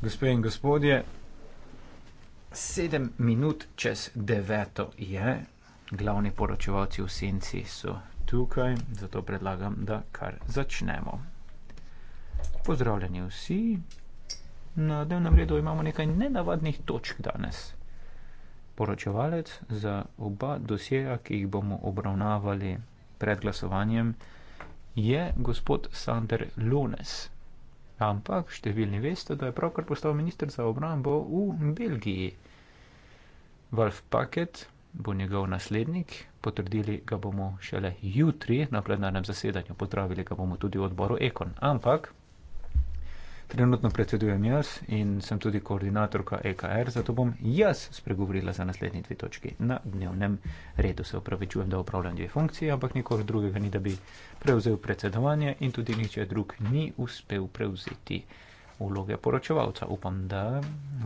Gospe in gospodje, sedem minut čez deveto je, glavni poročevalci v senci so tukaj, zato predlagam, da kar začnemo. Pozdravljeni vsi. Na dnevnem redu imamo nekaj nenavadnih točk danes. Poročevalec za oba dosjeja, ki jih bomo obravnavali pred glasovanjem, je gospod Sander Lunes. Ampak številni veste, da je pravkar postal ministr za obrambo v Belgiji. Wolf Paket bo njegov naslednik, potrdili ga bomo šele jutri na plenarnem zasedanju, potravili ga bomo tudi v odboru Ekon. Ampak Trenutno predsedujem jaz in sem tudi koordinatorka EKR, zato bom jaz spregovorila za naslednji dve točki na dnevnem redu. Se opravičujem, da upravljam dve funkcije, ampak nikor drugega ni, da bi prevzel predsedovanje in tudi nihče drug ni uspel prevzeti vloge poročevalca. Upam, da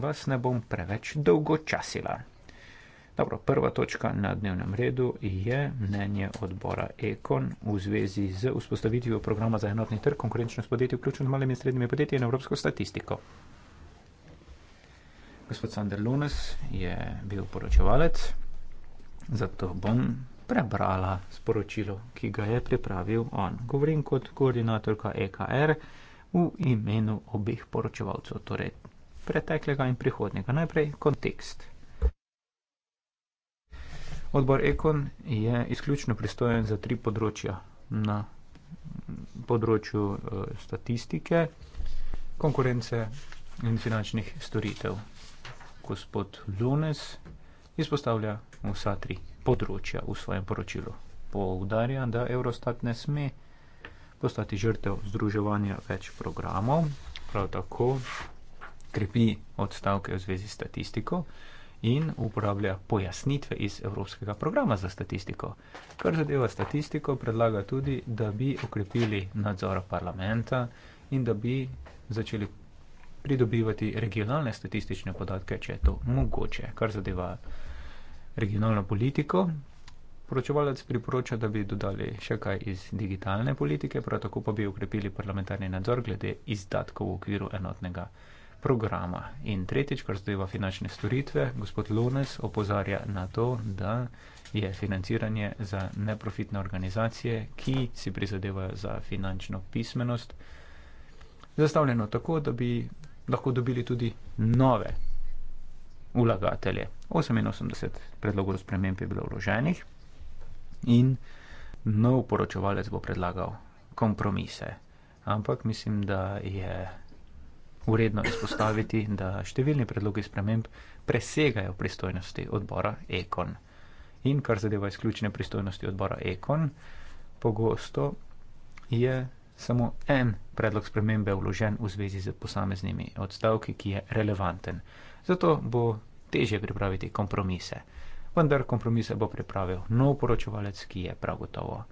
vas ne bom preveč dolgo časila. Dobro, prva točka na dnevnem redu je mnenje odbora Ekon v zvezi z vzpostavitvijo programa za enotni trg konkurenčnost podjetij, vključno malim in srednjim podjetjem in evropsko statistiko. Gospod Sander Lunes je bil poročevalec, zato bom prebrala sporočilo, ki ga je pripravil on. Govorim kot koordinatorka EKR v imenu obeh poročevalcev, torej preteklega in prihodnega. Najprej kontekst. Odbor Ekon je izključno pristojen za tri področja na področju uh, statistike, konkurence in finančnih storitev. Gospod Lunes izpostavlja vsa tri področja v svojem poročilu. Poudarja, da Eurostat ne sme postati žrtev združevanja več programov, prav tako krepi odstavke v zvezi s statistiko. Uh, in uporablja pojasnitve iz Evropskega programa za statistiko. Kar zadeva statistiko, predlaga tudi, da bi okrepili nadzor parlamenta in da bi začeli pridobivati regionalne statistične podatke, če je to mogoče. Kar zadeva regionalno politiko, poročevalec priporoča, da bi dodali še kaj iz digitalne politike, prav tako pa bi okrepili parlamentarni nadzor glede izdatkov v okviru enotnega programa. In tretjič, kar zadeva finančne storitve, gospod Lones opozarja na to, da je financiranje za neprofitne organizacije, ki si prizadevajo za finančno pismenost, zastavljeno tako, da bi lahko dobili tudi nove vlagatelje. 88 predlogov sprememb je bilo vloženih in nov poročevalec bo predlagal kompromise. Ampak mislim, da je uredno izpostaviti, da številni predlogi sprememb presegajo pristojnosti odbora Ekon. In kar zadeva izključne pristojnosti odbora Ekon, pogosto je samo en predlog spremembe vložen v zvezi z posameznimi odstavki, ki je relevanten. Zato bo teže pripraviti kompromise. Vendar kompromise bo pripravil nov poročevalec, ki je prav gotovo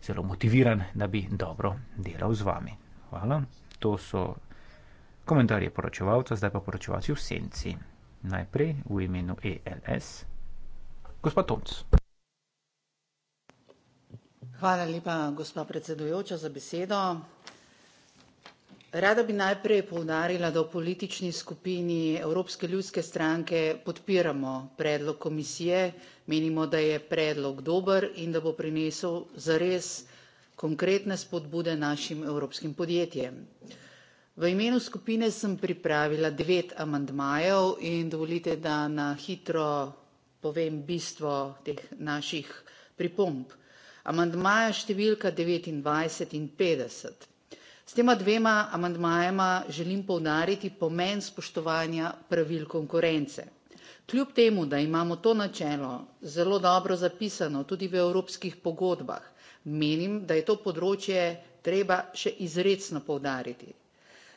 zelo motiviran, da bi dobro delal z vami. Hvala. To so Komentar je poročevalca, zdaj pa poročevalci v senci. Najprej v imenu ELS. Gospod Tonc. Hvala lepa, gospod predsedujoča, za besedo. Rada bi najprej povdarila, da v politični skupini Evropske ljudske stranke podpiramo predlog komisije. Menimo, da je predlog dober in da bo prinesel zares konkretne spodbude našim evropskim podjetjem. V imenu skupine sem pripravila devet amandmajev in dovolite, da na hitro povem bistvo teh naših pripomb. Amandmaja številka devetindvajset in petdeset. S tema dvema amandmajema želim poudariti pomen spoštovanja pravil konkurence. Kljub temu da imamo to načelo zelo dobro zapisano tudi v evropskih pogodbah, menim, da je to področje treba še izrecno poudariti.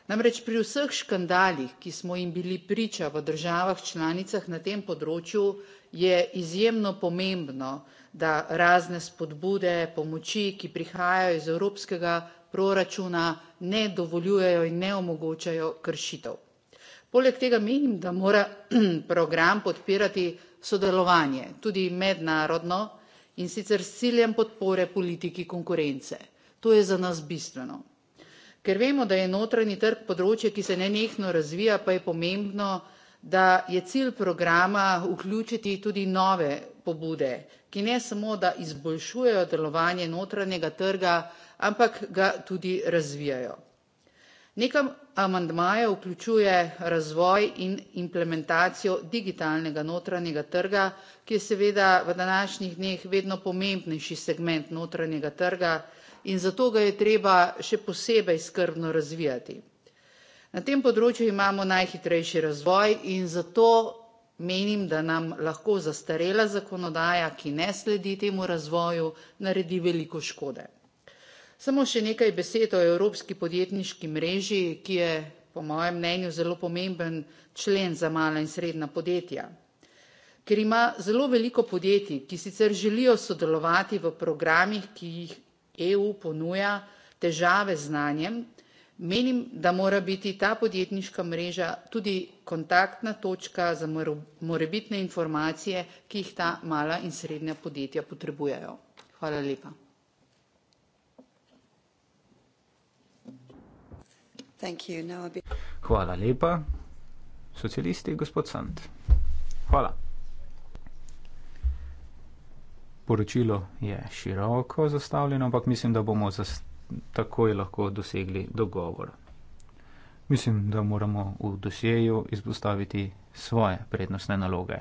Namreč pri vseh škandalih, ki smo jim bili priča v državah članicah na tem področju, je izjemno pomembno, da razne spodbude, pomoči, ki prihajajo iz evropskega proračuna, ne dovoljujejo in ne omogočajo kršitev. Poleg tega menim, da mora program podpirati sodelovanje, tudi mednarodno, in sicer s ciljem podpore politiki konkurence. To je za nas bistveno. Ker vemo, da je notranji trg področje, ki se nenehno razvija, pa je pomembno, da je cilj programa vključiti tudi nove pobude, ki ne samo, da izboljšujejo delovanje notranjega trga, ampak ga tudi razvijajo. Nekam amandmaja vključuje razvoj in implementacijo digitalnega notranjega trga, ki je seveda v današnjih dneh vedno pomembnejši segment notranjega trga, in zato ga je treba še posebej skrbno razvijati. Na tem področju imamo najhitrejši razvoj in zato menim, da nam lahko zastarela zakonodaja, ki ne sledi temu razvoju, naredi veliko škode. Samo še nekaj besed o Evropski podjetniški mreži, ki je po mojem mnenju zelo pomemben člen za mala in srednja podjetja. Ker ima zelo veliko podjetij, ki sicer želijo sodelovati v programih, ki jih EU ponuja težave z znanjem, menim, da mora biti ta podjetniška mreža tudi kontaktna točka za morebitne informacije, ki jih ta mala in srednja podjetja potrebujejo. Hvala lepa. Hvala lepa. Socialisti, gospod Sand. Hvala poročilo je široko zastavljeno, ampak mislim, da bomo zas, takoj lahko dosegli dogovor. Mislim, da moramo v dosjeju izpostaviti svoje prednostne naloge.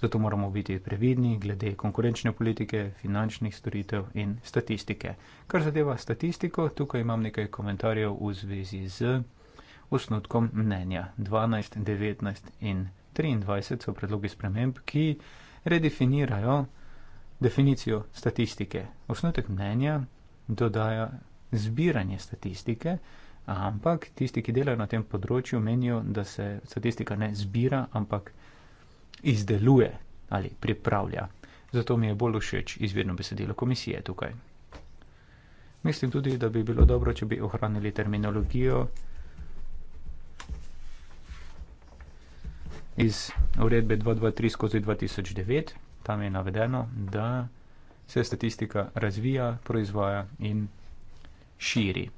Zato moramo biti previdni glede konkurenčne politike, finančnih storitev in statistike. Kar zadeva statistiko, tukaj imam nekaj komentarjev v zvezi z osnutkom mnenja. 12, 19 in 23 so predlogi sprememb, ki redefinirajo definicijo statistike. Osnotek mnenja dodaja zbiranje statistike, ampak tisti, ki delajo na tem področju, menijo, da se statistika ne zbira, ampak izdeluje ali pripravlja. Zato mi je bolj všeč izvirno besedilo komisije tukaj. Mislim tudi, da bi bilo dobro, če bi ohranili terminologijo iz uredbe 223 skozi 2009 tam je navedeno, da se statistika razvija, proizvaja in širi.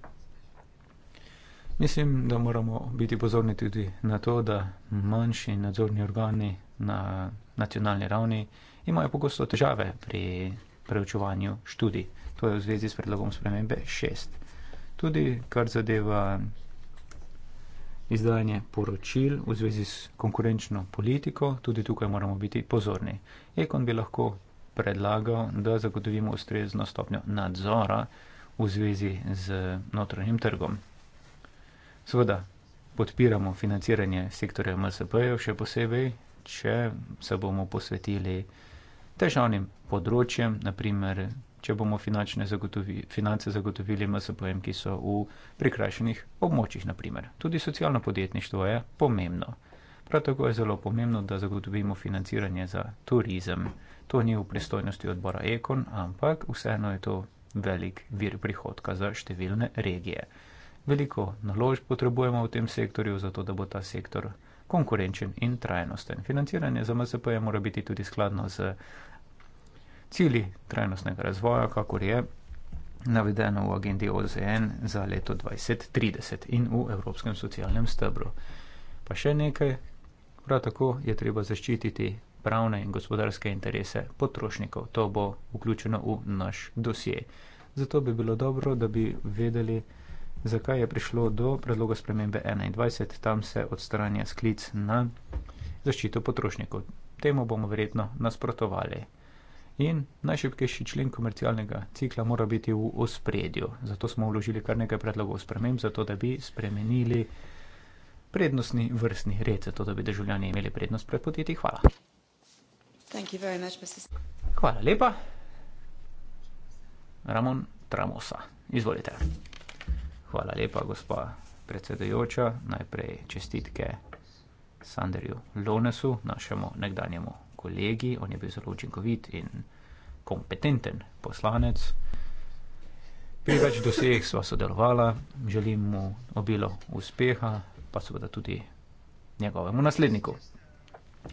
Mislim, da moramo biti pozorni tudi na to, da manjši nadzorni organi na nacionalni ravni imajo pogosto težave pri preučevanju študij. To je v zvezi s predlogom spremembe 6. Tudi kar zadeva izdajanje poročil v zvezi s konkurenčno politiko, tudi tukaj moramo biti pozorni. Ekon bi lahko predlagal, da zagotovimo ustrezno stopnjo nadzora v zvezi z notranjim trgom. Seveda, podpiramo financiranje sektorja MSP-jev, še posebej, če se bomo posvetili težavnim področjem, naprimer če bomo zagotovi, finance zagotovili MSP-jem, ki so v prikrajšanih območjih, naprimer. Tudi socialno podjetništvo je pomembno. Prav tako je zelo pomembno, da zagotovimo financiranje za turizem. To ni v pristojnosti odbora Ekon, ampak vseeno je to velik vir prihodka za številne regije. Veliko naložb potrebujemo v tem sektorju, zato da bo ta sektor konkurenčen in trajnosten. Financiranje za MSP-je mora biti tudi skladno z cilji trajnostnega razvoja, kakor je navedeno v agendi OZN za leto 2030 in v Evropskem socialnem stebru. Pa še nekaj, prav tako je treba zaščititi pravne in gospodarske interese potrošnikov. To bo vključeno v naš dosje. Zato bi bilo dobro, da bi vedeli, zakaj je prišlo do predloga spremembe 21. Tam se odstranja sklic na zaščito potrošnikov. Temu bomo verjetno nasprotovali. In najšipkejši člen komercialnega cikla mora biti v ospredju. Zato smo vložili kar nekaj predlogov sprememb, zato da bi spremenili prednostni vrstni red, zato da bi državljani imeli prednost pred podjetji. Hvala. Hvala lepa. Ramon Tramosa, izvolite. Hvala lepa, gospa predsedajoča. Najprej čestitke Sanderju Lonesu, našemu nekdanjemu kolegi, on je bil zelo učinkovit in kompetenten poslanec. Pri več dosegih sva sodelovala, želim mu obilo uspeha, pa seveda tudi njegovemu nasledniku.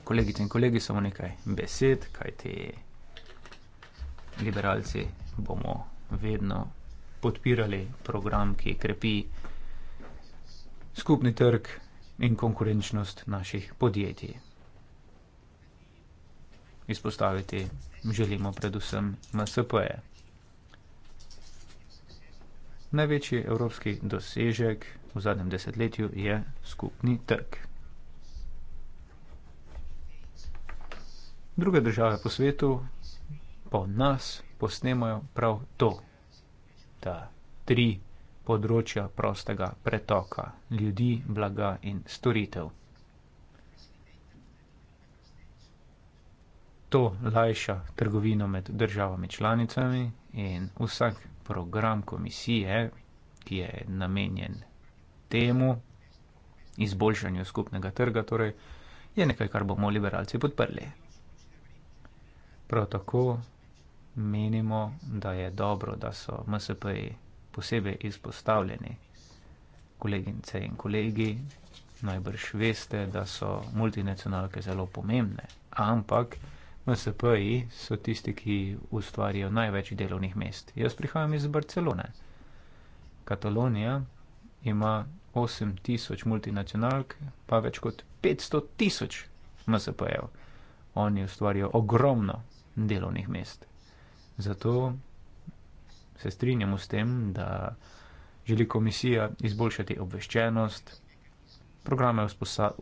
Kolegice in kolegi, samo nekaj besed, kaj ti liberalci bomo vedno podpirali program, ki krepi skupni trg in konkurenčnost naših podjetij izpostaviti želimo predvsem MSP-je. Največji evropski dosežek v zadnjem desetletju je skupni trg. Druge države po svetu po nas posnemajo prav to, da tri področja prostega pretoka ljudi, blaga in storitev. to lajša trgovino med državami članicami in vsak program komisije, ki je namenjen temu izboljšanju skupnega trga, torej je nekaj, kar bomo liberalci podprli. Prav tako menimo, da je dobro, da so MSP posebej izpostavljeni. Kolegice in kolegi, najbrž veste, da so multinacionalke zelo pomembne, ampak MSP-ji so tisti, ki ustvarijo največ delovnih mest. Jaz prihajam iz Barcelone. Katalonija ima 8000 multinacionalk, pa več kot 500 tisoč MSP-jev. Oni ustvarijo ogromno delovnih mest. Zato se strinjamo s tem, da želi komisija izboljšati obveščenost, programe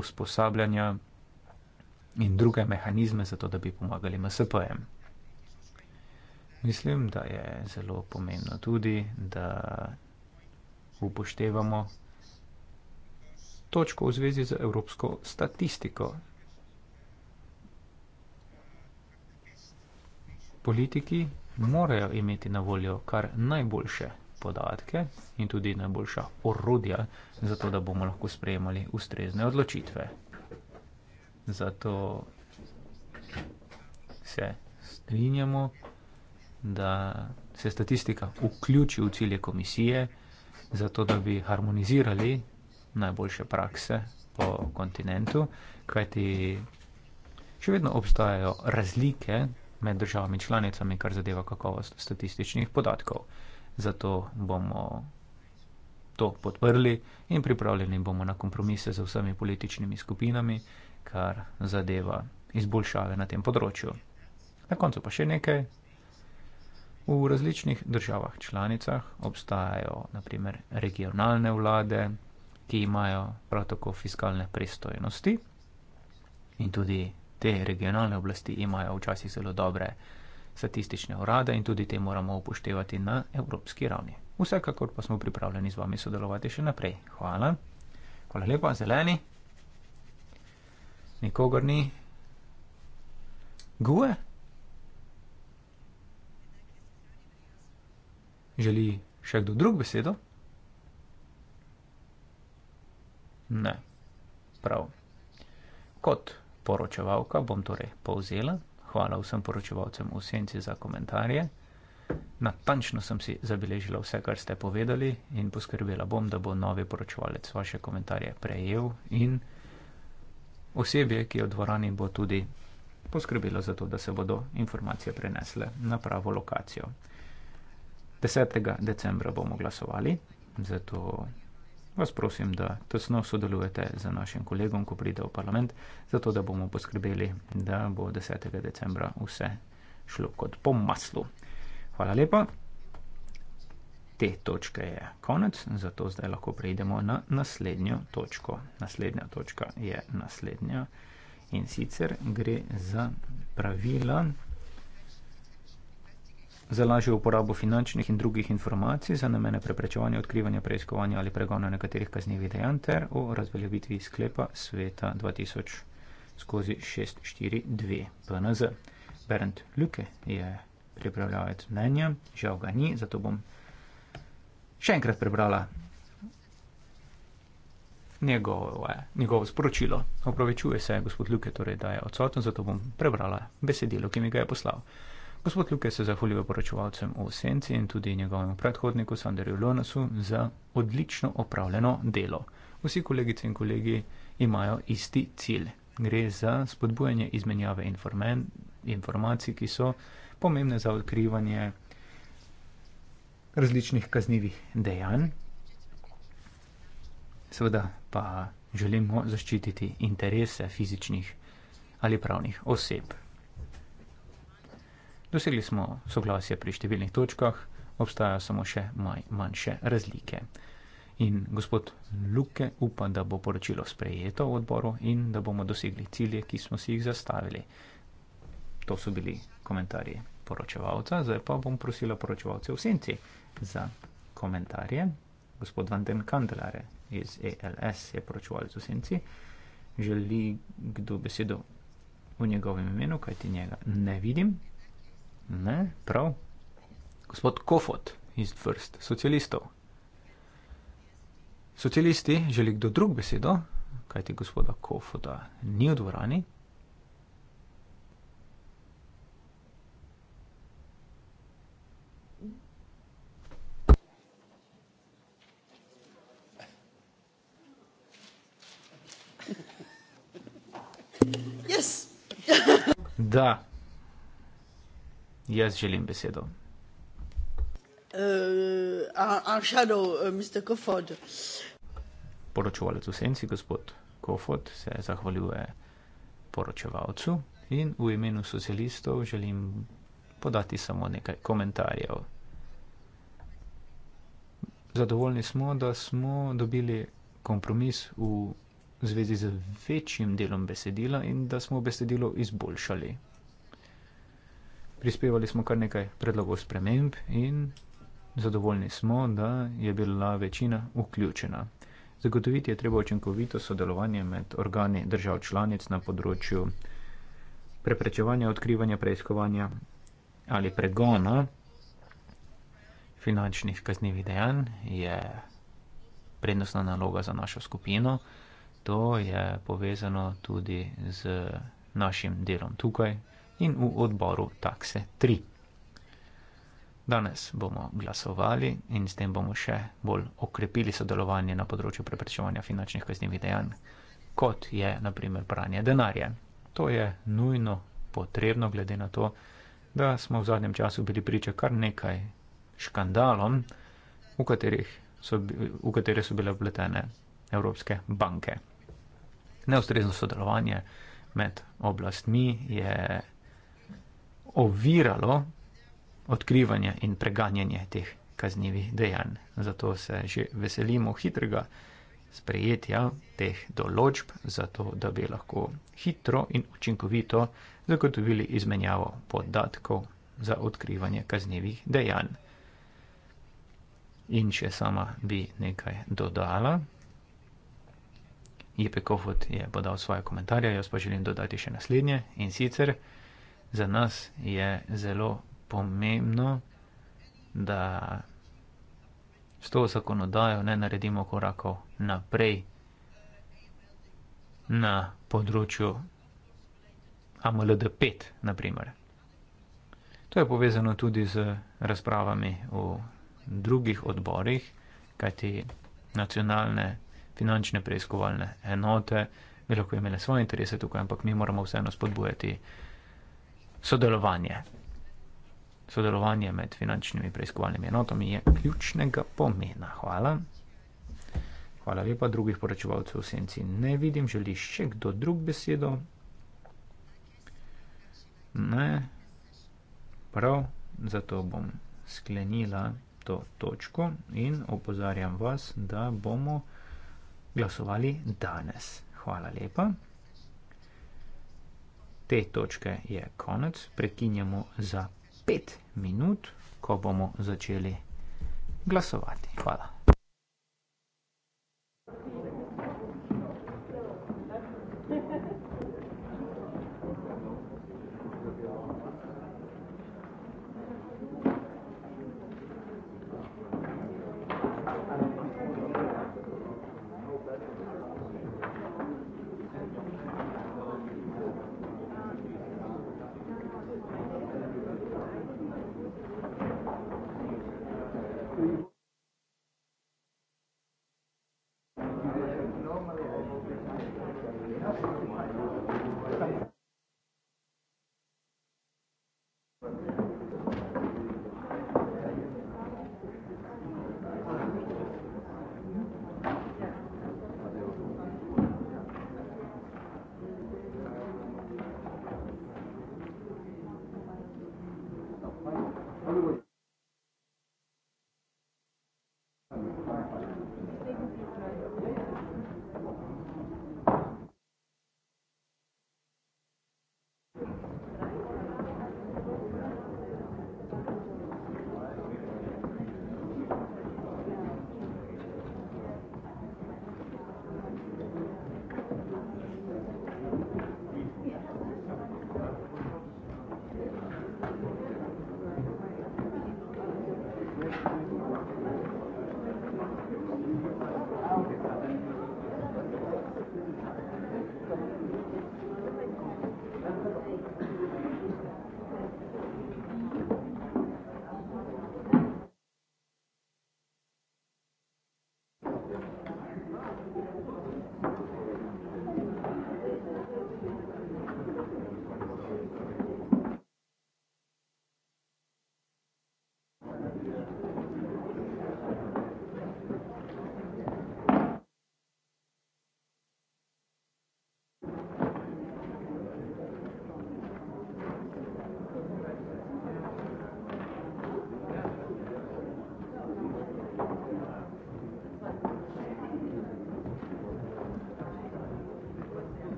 usposabljanja, in druge mehanizme, zato da bi pomagali MSP-jem. Mislim, da je zelo pomembno tudi, da upoštevamo točko v zvezi z evropsko statistiko. Politiki morajo imeti na voljo kar najboljše podatke in tudi najboljša orodja, zato da bomo lahko sprejemali ustrezne odločitve. Zato se strinjamo, da se statistika vključi v cilje komisije, zato da bi harmonizirali najboljše prakse po kontinentu, kajti še vedno obstajajo razlike med državami članicami, kar zadeva kakovost statističnih podatkov. Zato bomo to podprli in pripravljeni bomo na kompromise z vsemi političnimi skupinami, kar zadeva izboljšave na tem področju. Na koncu pa še nekaj. V različnih državah članicah obstajajo naprimer regionalne vlade, ki imajo prav tako fiskalne pristojnosti in tudi te regionalne oblasti imajo včasih zelo dobre statistične urade in tudi te moramo upoštevati na evropski ravni. Vsekakor pa smo pripravljeni z vami sodelovati še naprej. Hvala. Hvala lepa, zeleni. Nikogar ni. Gue? Želi še kdo drug besedo? Ne, prav. Kot poročevalka bom torej povzela. Hvala vsem poročevalcem v senci za komentarje. Natančno sem si zabeležila vse, kar ste povedali in poskrbela bom, da bo novi poročevalec vaše komentarje prejel in povedal osebje, ki je v dvorani, bo tudi poskrbelo za to, da se bodo informacije prenesle na pravo lokacijo. 10. decembra bomo glasovali, zato vas prosim, da tesno sodelujete z našim kolegom, ko pride v parlament, zato da bomo poskrbeli, da bo 10. decembra vse šlo kot po maslu. Hvala lepa te točke je konec, zato zdaj lahko prejdemo na naslednjo točko. Naslednja točka je naslednja in sicer gre za pravila za lažjo uporabo finančnih in drugih informacij za namene preprečevanja, odkrivanja, preiskovanja ali pregona nekaterih kaznjivih dejanj ter o razveljavitvi sklepa sveta 2000 skozi 642 PNZ. Berend Luke je pripravljal mnenje, žal ga ni, zato bom še enkrat prebrala njegove, njegovo sporočilo. Opravičuje se gospod Luke, torej, da je odsoten, zato bom prebrala besedilo, ki mi ga je poslal. Gospod Luke se zahvaljuje poročevalcem v Senci in tudi njegovemu predhodniku Sanderju Lonasu za odlično opravljeno delo. Vsi kolegice in kolegi imajo isti cilj. Gre za spodbujanje izmenjave informen, informacij, ki so pomembne za odkrivanje različnih kaznjivih dejanj. Seveda pa želimo zaščititi interese fizičnih ali pravnih oseb. Dosegli smo soglasje pri številnih točkah, obstajajo samo še maj, manjše razlike. In gospod Luke upa, da bo poročilo sprejeto v odboru in da bomo dosegli cilje, ki smo si jih zastavili. To so bili komentarji poročevalca, zdaj pa bom prosila poročevalce v senci za komentarje. Gospod Vanden Kandelare iz ALS e je poročevalec v senci. Želi kdo besedo v njegovem imenu, kaj ti njega ne vidim? Ne, prav. Gospod Kofot iz vrst socialistov. Socialisti, želi kdo drug besedo, kaj ti gospoda Kofoda ni v dvorani? Jezus! da. Jaz želim besedo. Uh, uh, uh, Poročevalec v senci, gospod Kofod, se zahvaljuje poročevalcu in v imenu socialistov želim podati samo nekaj komentarjev. Zadovoljni smo, da smo dobili kompromis v v zvezi z večjim delom besedila in da smo besedilo izboljšali. Prispevali smo kar nekaj predlogov sprememb in zadovoljni smo, da je bila večina vključena. Zagotoviti je treba učinkovito sodelovanje med organi držav članic na področju preprečevanja, odkrivanja, preiskovanja ali pregona finančnih kaznjivih dejanj je prednostna naloga za našo skupino to je povezano tudi z našim delom tukaj in v odboru takse 3. Danes bomo glasovali in s tem bomo še bolj okrepili sodelovanje na področju preprečevanja finančnih kaznjivih dejanj, kot je naprimer pranje denarja. To je nujno potrebno, glede na to, da smo v zadnjem času bili priča kar nekaj škandalom, v, so, v katere so bile vpletene evropske banke neustrezno sodelovanje med oblastmi je oviralo odkrivanje in preganjanje teh kaznjivih dejanj. Zato se že veselimo hitrega sprejetja teh določb, zato da bi lahko hitro in učinkovito zagotovili izmenjavo podatkov za odkrivanje kaznjivih dejanj. In še sama bi nekaj dodala. Jepek Kofod je podal svoje komentarje, jaz pa želim dodati še naslednje. In sicer za nas je zelo pomembno, da s to zakonodajo ne naredimo korakov naprej na področju AMLD-5, naprimer. To je povezano tudi z razpravami v drugih odborih, kajti nacionalne finančne preiskovalne enote, bi lahko imele svoje interese tukaj, ampak mi moramo vseeno spodbujati sodelovanje. Sodelovanje med finančnimi preiskovalnimi enotami je ključnega pomena. Hvala. Hvala lepa, drugih poročevalcev v senci ne vidim. Želi še kdo drug besedo? Ne. Prav, zato bom sklenila to točko in opozarjam vas, da bomo glasovali danes. Hvala lepa. Te točke je konec, prekinjamo za pet minut, ko bomo začeli glasovati. Hvala. Thank you.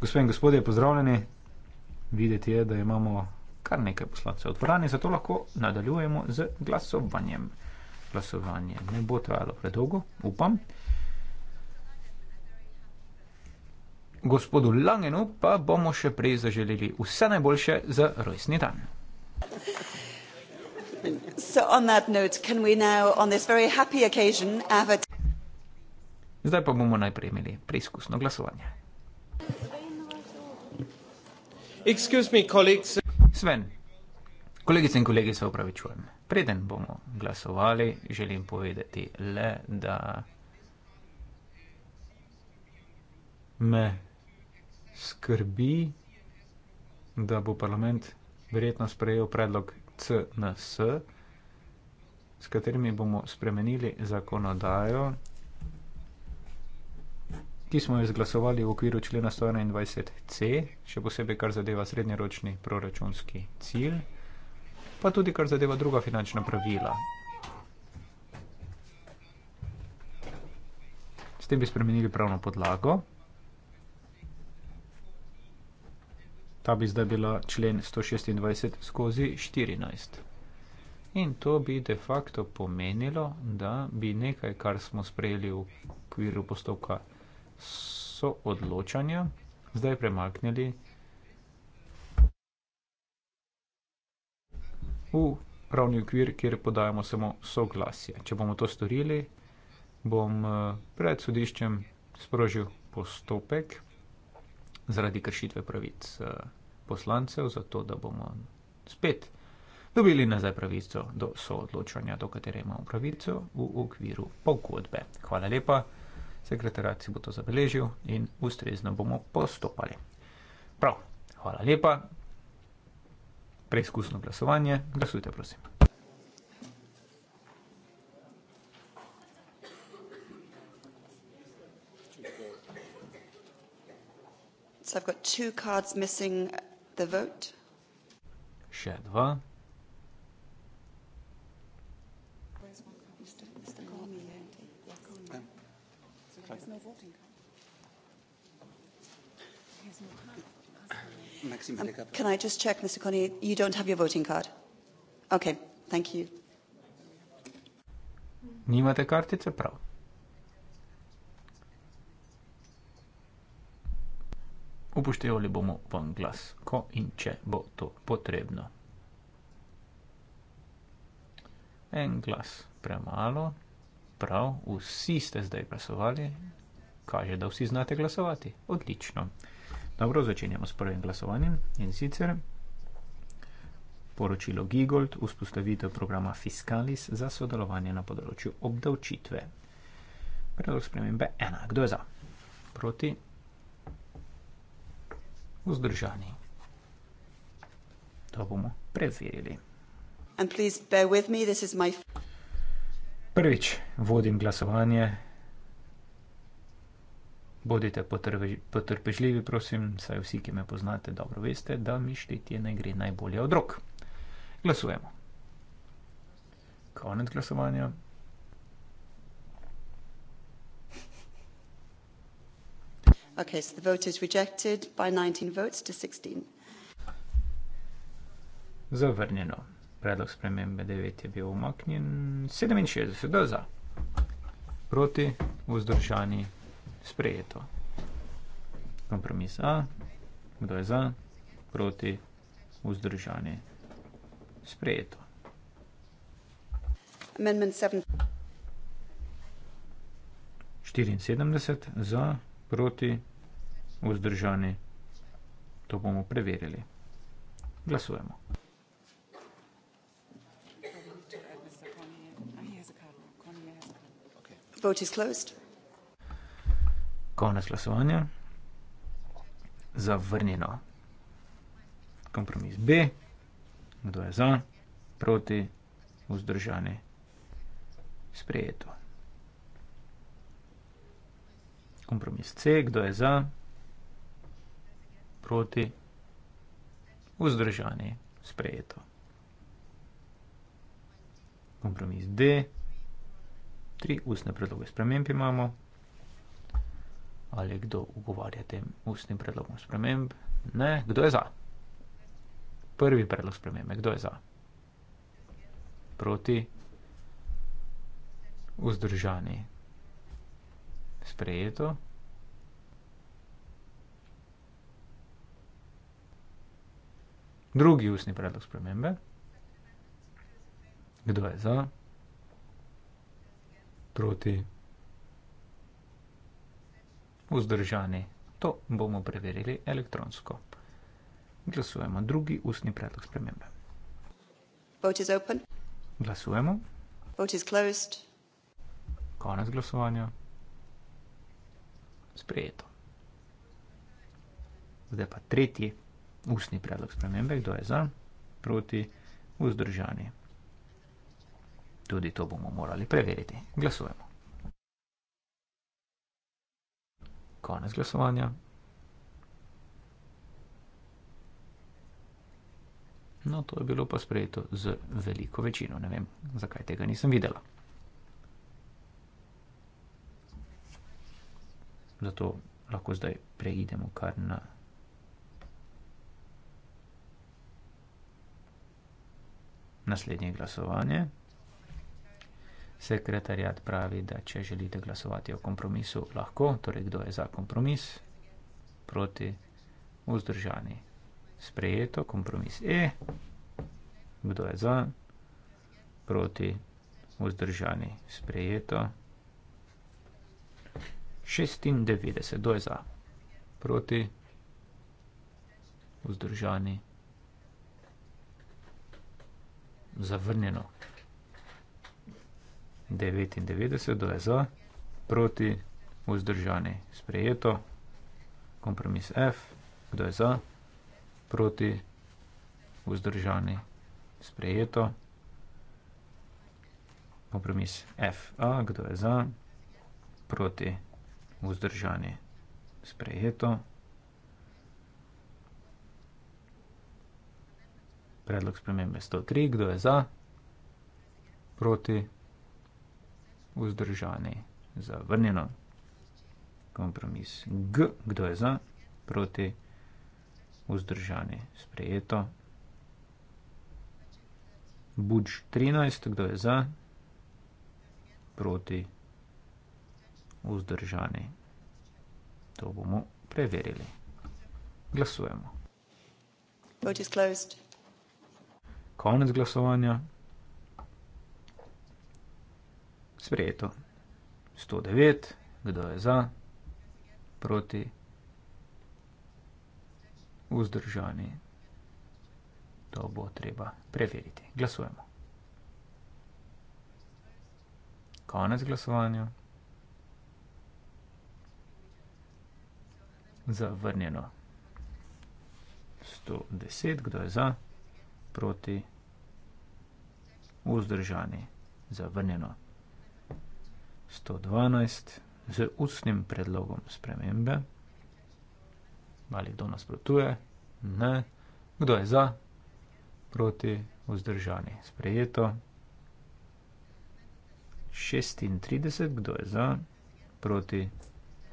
Gospe in gospodje, pozdravljeni. Videti je, da imamo kar nekaj poslancev odporani, zato lahko nadaljujemo z glasovanjem. Glasovanje ne bo trajalo predolgo, upam. Gospodu Langenu pa bomo še prej zaželeli vse najboljše za rojstni dan. So note, occasion, Zdaj pa bomo najprej imeli preizkusno glasovanje. Sven, kolegice in kolegi, se upravičujem. Preden bomo glasovali, želim povedati le, da me skrbi, da bo parlament verjetno sprejel predlog CNS, s katerimi bomo spremenili zakonodajo ki smo jo izglasovali v okviru člena 121c, še posebej kar zadeva srednjeročni proračunski cilj, pa tudi kar zadeva druga finančna pravila. S tem bi spremenili pravno podlago. Ta bi zdaj bila člen 126 skozi 14. In to bi de facto pomenilo, da bi nekaj, kar smo sprejeli v okviru postopka soodločanja zdaj premaknili v ravni okvir, kjer podajamo samo soglasje. Če bomo to storili, bom eh, pred sodiščem sprožil postopek zaradi kršitve pravic eh, poslancev, zato da bomo spet dobili nazaj pravico do soodločanja, do katere imamo pravico v okviru pogodbe. Hvala lepa sekretarat si bo to zabeležil in ustrezno bomo postopali. Prav, hvala lepa. Preizkusno glasovanje, glasujte prosim. So I've got two cards missing the vote. Še dva. Maxime um, Delecapo. Can I just check, Mr. Connie, you don't have your voting card? Okay, thank you. Nimate kartice prav. Upoštevali bomo vam glas, ko in če bo to potrebno. En glas premalo, prav, vsi ste zdaj glasovali, kaže, da vsi znate glasovati. Odlično. Dobro, začenjamo s prvim glasovanjem in sicer poročilo Gigold, vzpostavitev programa Fiscalis za sodelovanje na področju obdavčitve. Predlog spremembe ena. Kdo je za? Proti? Vzdržani. To bomo preverili. Prvič vodim glasovanje. Bodite potrpežljivi, prosim, saj vsi, ki me poznate, dobro veste, da mi štetje ne gre najbolje od rok. Glasujemo. Konec glasovanja. Ok, so the vote is rejected by 19 votes to 16. Zavrnjeno. Predlog spremembe 9 je bil umaknjen. 67 za. Proti, vzdržani sprejeto. Kompromis A, kdo je za, proti, vzdržanje, sprejeto. Amendment 74 za, proti, vzdržanje, to bomo preverili. Glasujemo. Vote is closed. Konec glasovanja. Zavrnjeno. Kompromis B. Kdo je za? Proti? Vzdržani? Sprejeto. Kompromis C. Kdo je za? Proti? Vzdržani? Sprejeto. Kompromis D. Tri ustne predloge sprememb imamo ali kdo ugovarja tem ustnim predlogom sprememb. Ne, kdo je za? Prvi predlog spremembe, kdo je za? Proti? Vzdržani? Sprejeto? Drugi ustni predlog spremembe. Kdo je za? Proti? vzdržani. To bomo preverili elektronsko. Glasujemo drugi ustni predlog spremembe. Vote is open. Glasujemo. Vote is closed. Konec glasovanja. Sprejeto. Zdaj pa tretji ustni predlog spremembe. Kdo je za? Proti vzdržani. Tudi to bomo morali preveriti. Glasujemo. konec glasovanja. No, to je bilo pa sprejeto z veliko večino. Ne vem, zakaj tega nisem videla. Zato lahko zdaj preidemo kar na. Naslednje glasovanje. Sekretarjat pravi, da če želite glasovati o kompromisu, lahko, torej kdo je za kompromis, proti, vzdržani. Sprejeto, kompromis E, kdo je za, proti, vzdržani. Sprejeto, 96, kdo je za, proti, vzdržani. Zavrnjeno. 99 je za, proti vzdržani. Sprejeto. Kompromis F, kdo je za, proti vzdržani. Sprejeto. Kompromis FA, kdo je za, proti vzdržani. Sprejeto. Predlog spremembe 103, kdo je za, proti vzdržani vzdržani, zavrnjeno. Kompromis G, kdo je za, proti, vzdržani, sprejeto. Buč 13, kdo je za, proti, vzdržani. To bomo preverili. Glasujemo. Konec glasovanja sprejeto. 109, kdo je za, proti, vzdržani. To bo treba preveriti. Glasujemo. Konec glasovanja. Zavrnjeno. 110, kdo je za, proti, vzdržani. Zavrnjeno. 112 z ustnim predlogom spremembe. Ali kdo nasprotuje? Ne. Kdo je za? Proti vzdržani. Sprejeto. 36. Kdo je za? Proti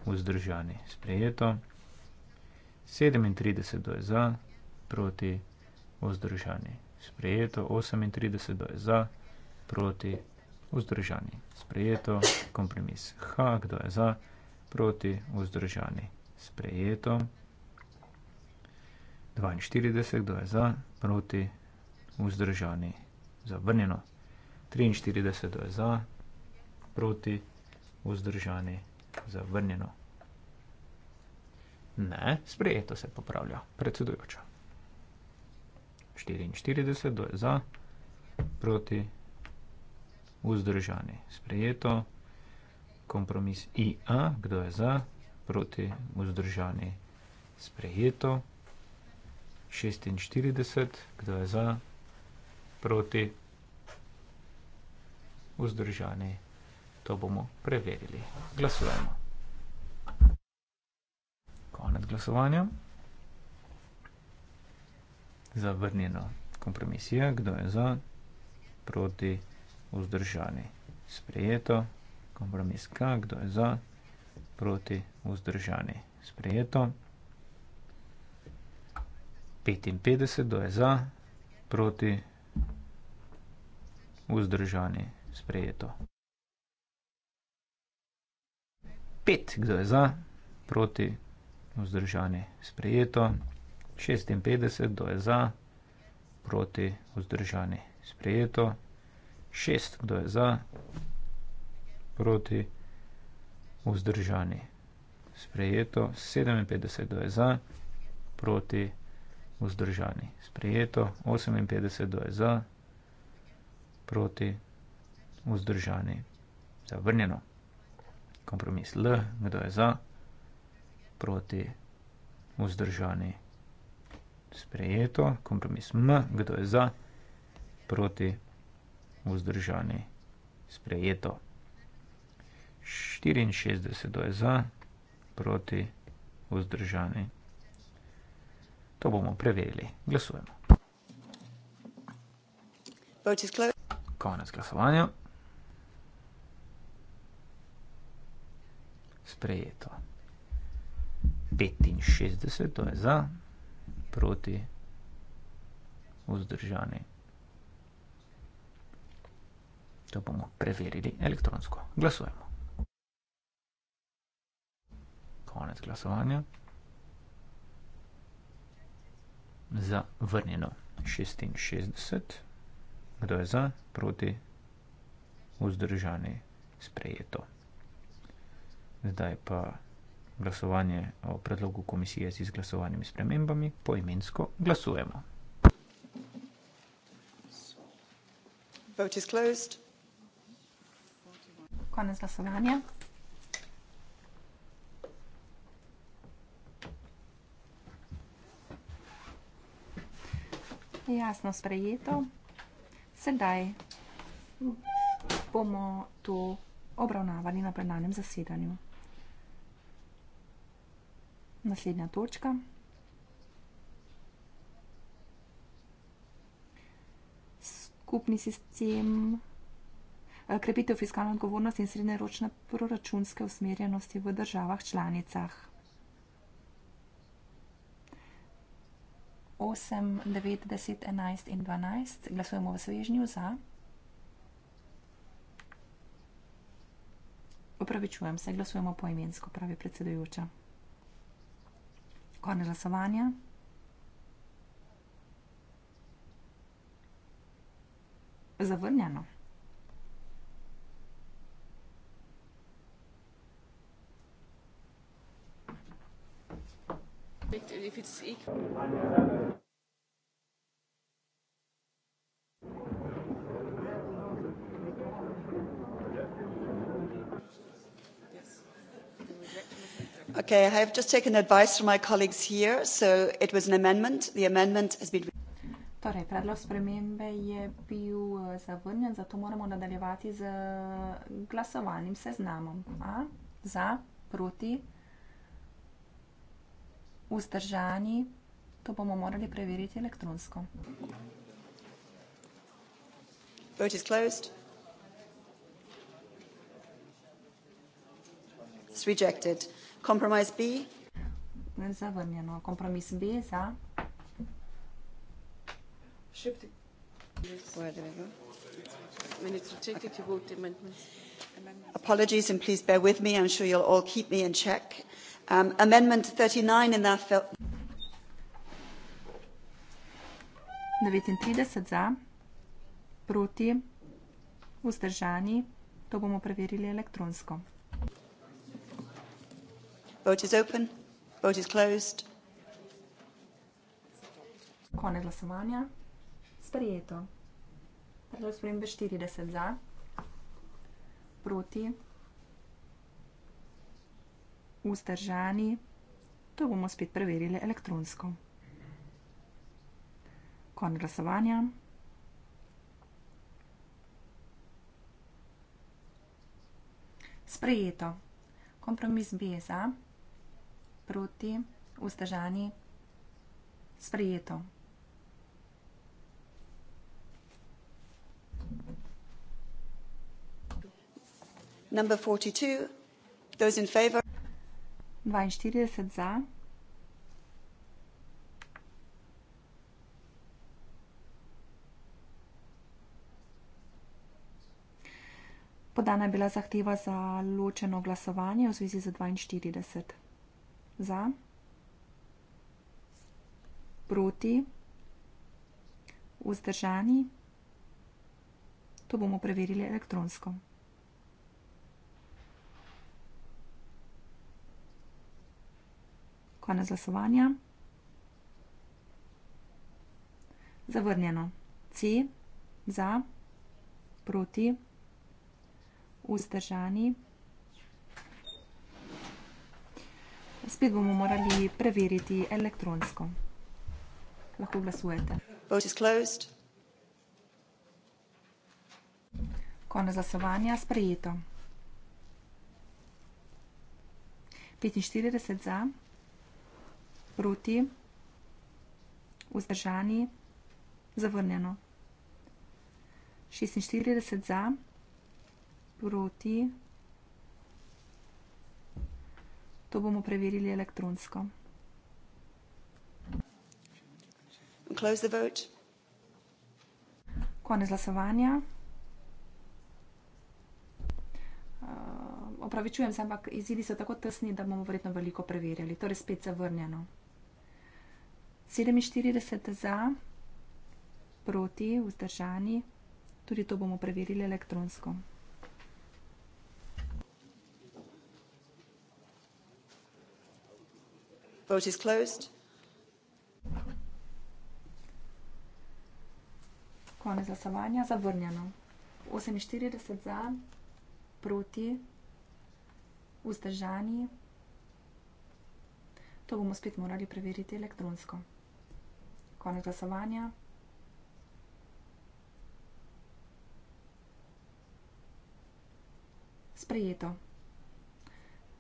vzdržani. Sprejeto. 37. Kdo je za? Proti vzdržani. Sprejeto. 38. Kdo je za? Proti vzdržani vzdržani. Sprejeto, kompromis. H, kdo je za, proti, vzdržani. Sprejeto. 42, kdo je za, proti, vzdržani. Zavrnjeno. 43, kdo je za, proti, vzdržani. Zavrnjeno. Ne, sprejeto se popravlja, predsedujoča. 44, kdo je za, proti, vzdržani vzdržani. Sprejeto. Kompromis IA, kdo je za, proti vzdržani. Sprejeto. 46, kdo je za, proti vzdržani. To bomo preverili. Glasujemo. Konec glasovanja. Zavrnjeno kompromisija, kdo je za, proti vzdržani vzdržani. Sprejeto. Kompromis K, kdo je za? Proti vzdržani. Sprejeto. 55, kdo je za? Proti vzdržani. Sprejeto. 5, kdo je za? Proti vzdržani. Sprejeto. 56, kdo je za? Proti vzdržani. Sprejeto. Sprejeto šest. Kdo je za? Proti? Vzdržani. Sprejeto. 57. Kdo je za? Proti? Vzdržani. Sprejeto. 58. Kdo je za? Proti? Vzdržani. Zavrnjeno. Kompromis L. Kdo je za? Proti? Vzdržani. Sprejeto. Kompromis M. Kdo je za? Proti? Vzdržani vzdržani, sprejeto. 64 je za, proti, vzdržani. To bomo preverili. Glasujemo. Konec glasovanja. Sprejeto. 65 je za, proti, vzdržani. To bomo preverili elektronsko. Glasujemo. Konec glasovanja. Za vrnjeno 66. Kdo je za? Proti vzdržani sprejeto. Zdaj pa glasovanje o predlogu komisije z izglasovanimi spremembami. Poimensko glasujemo. Vote is closed konec glasovanja. Jasno sprejeto. Sedaj bomo to obravnavali na plenarnem zasedanju. Naslednja točka. Skupni sistem Eh, krepitev fiskalne odgovornosti in srednjeročne proračunske usmerjenosti v državah članicah. 8, 9, 10, 11 in 12. Glasujemo v svežnju za. Upravičujem se, glasujemo poimensko, pravi predsedujoča. Konec glasovanja. Zavrnjeno. Okay, I have just taken advice from my colleagues here, so it was an amendment. The amendment has been. Torej, predlog spremembe je bil eh, zavrnjen, zato moramo nadaljevati z eh, glasovalnim seznamom. A, za, proti vzdržani. To bomo morali preveriti elektronsko. Vote is closed. It's rejected. Compromise B. Zavrnjeno. Kompromis B za. Apologies and please bear with me. I'm sure you'll all keep me in check. Um, amendment 39 in that film. 39 za, proti, vzdržani. To bomo preverili elektronsko. Vote is open. Vote is closed. Kone glasovanja. Sprejeto. Predlog spremembe 40 za, proti, vzdržani vzdržani. To bomo spet preverili elektronsko. Kon glasovanja. Sprejeto. Kompromis B je za, proti, vzdržani. Sprejeto. Number 42, those in favor dvainštirideset za. Podana je bila zahteva za ločeno glasovanje v zvezi z dvainštirideset za, proti, vzdržani. To bomo preverili elektronsko. Konec glasovanja. Zavrnjeno. C. Za. Proti. Vzdržani. Spet bomo morali preveriti elektronsko. Lahko glasujete. Konec glasovanja sprejeto. 45 za proti, vzdržani, zavrnjeno. 46 za, proti. To bomo preverili elektronsko. Close the vote. Konec glasovanja. Opravičujem se, ampak izidi so tako tesni, da bomo verjetno veliko preverjali. Torej spet zavrnjeno. 47 za, proti, vzdržani. Tudi to bomo preverili elektronsko. Vote is closed. Konec glasovanja, zavrnjeno. 48 za, proti, vzdržani. To bomo spet morali preveriti elektronsko konec glasovanja. Sprejeto.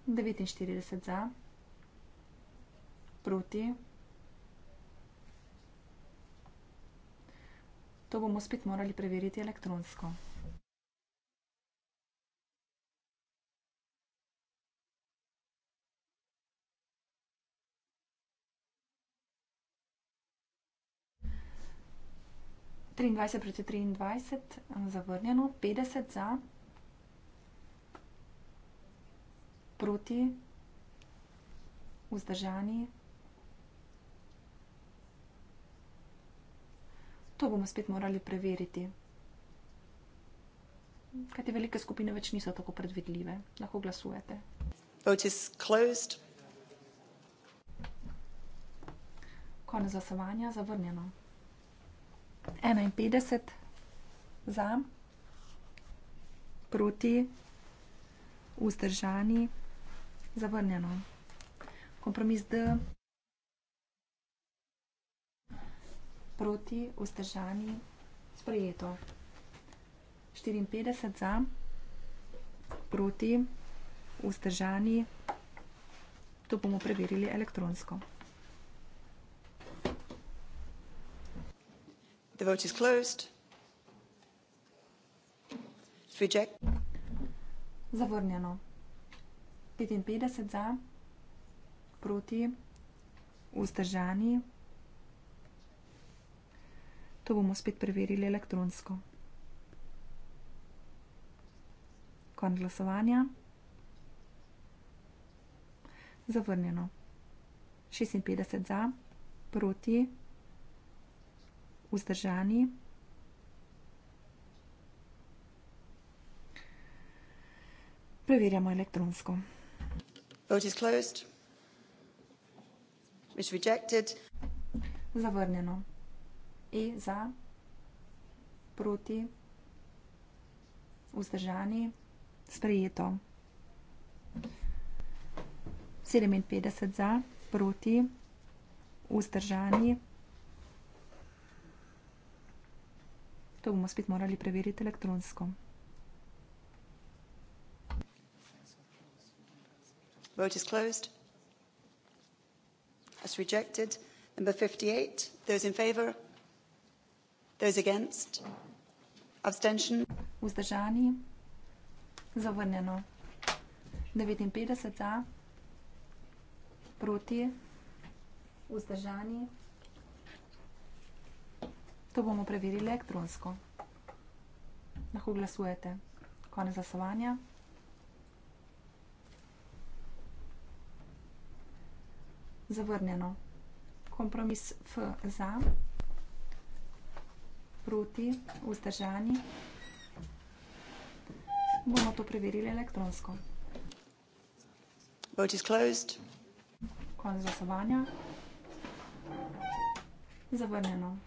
49 za, proti. To bomo spet morali preveriti elektronsko. 23 proti 23, eh, zavrnjeno, 50 za, proti, vzdržani. To bomo spet morali preveriti. Kaj te velike skupine več niso tako predvidljive, lahko glasujete. Konec zasavanja, zavrnjeno. 51 za, proti, vzdržani, zavrnjeno. Kompromis D. Proti, vzdržani, sprejeto. 54 za, proti, vzdržani. To bomo preverili elektronsko. The vote is closed. Reject. Zavrnjeno. 55 za, proti, vzdržani. To bomo spet preverili elektronsko. Kon glasovanja. Zavrnjeno. 56 za, proti, vzdržani vzdržani. Preverjamo elektronsko. Zavrnjeno. E za, proti, vzdržani, sprejeto. 57 za, proti, vzdržani, sprejeto. to bomo spet morali preveriti elektronsko. Vote is closed. As rejected. Number 58. Those in favor? Those against? Abstention? Vzdržani? Zavrnjeno. 59 za. Proti? Vzdržani? To bomo preverili elektronsko. Lahko glasujete. Konec glasovanja. Zavrnjeno. Kompromis F za, proti, vzdržani. Bomo to preverili elektronsko. Vote is closed. Konec glasovanja. Zavrnjeno.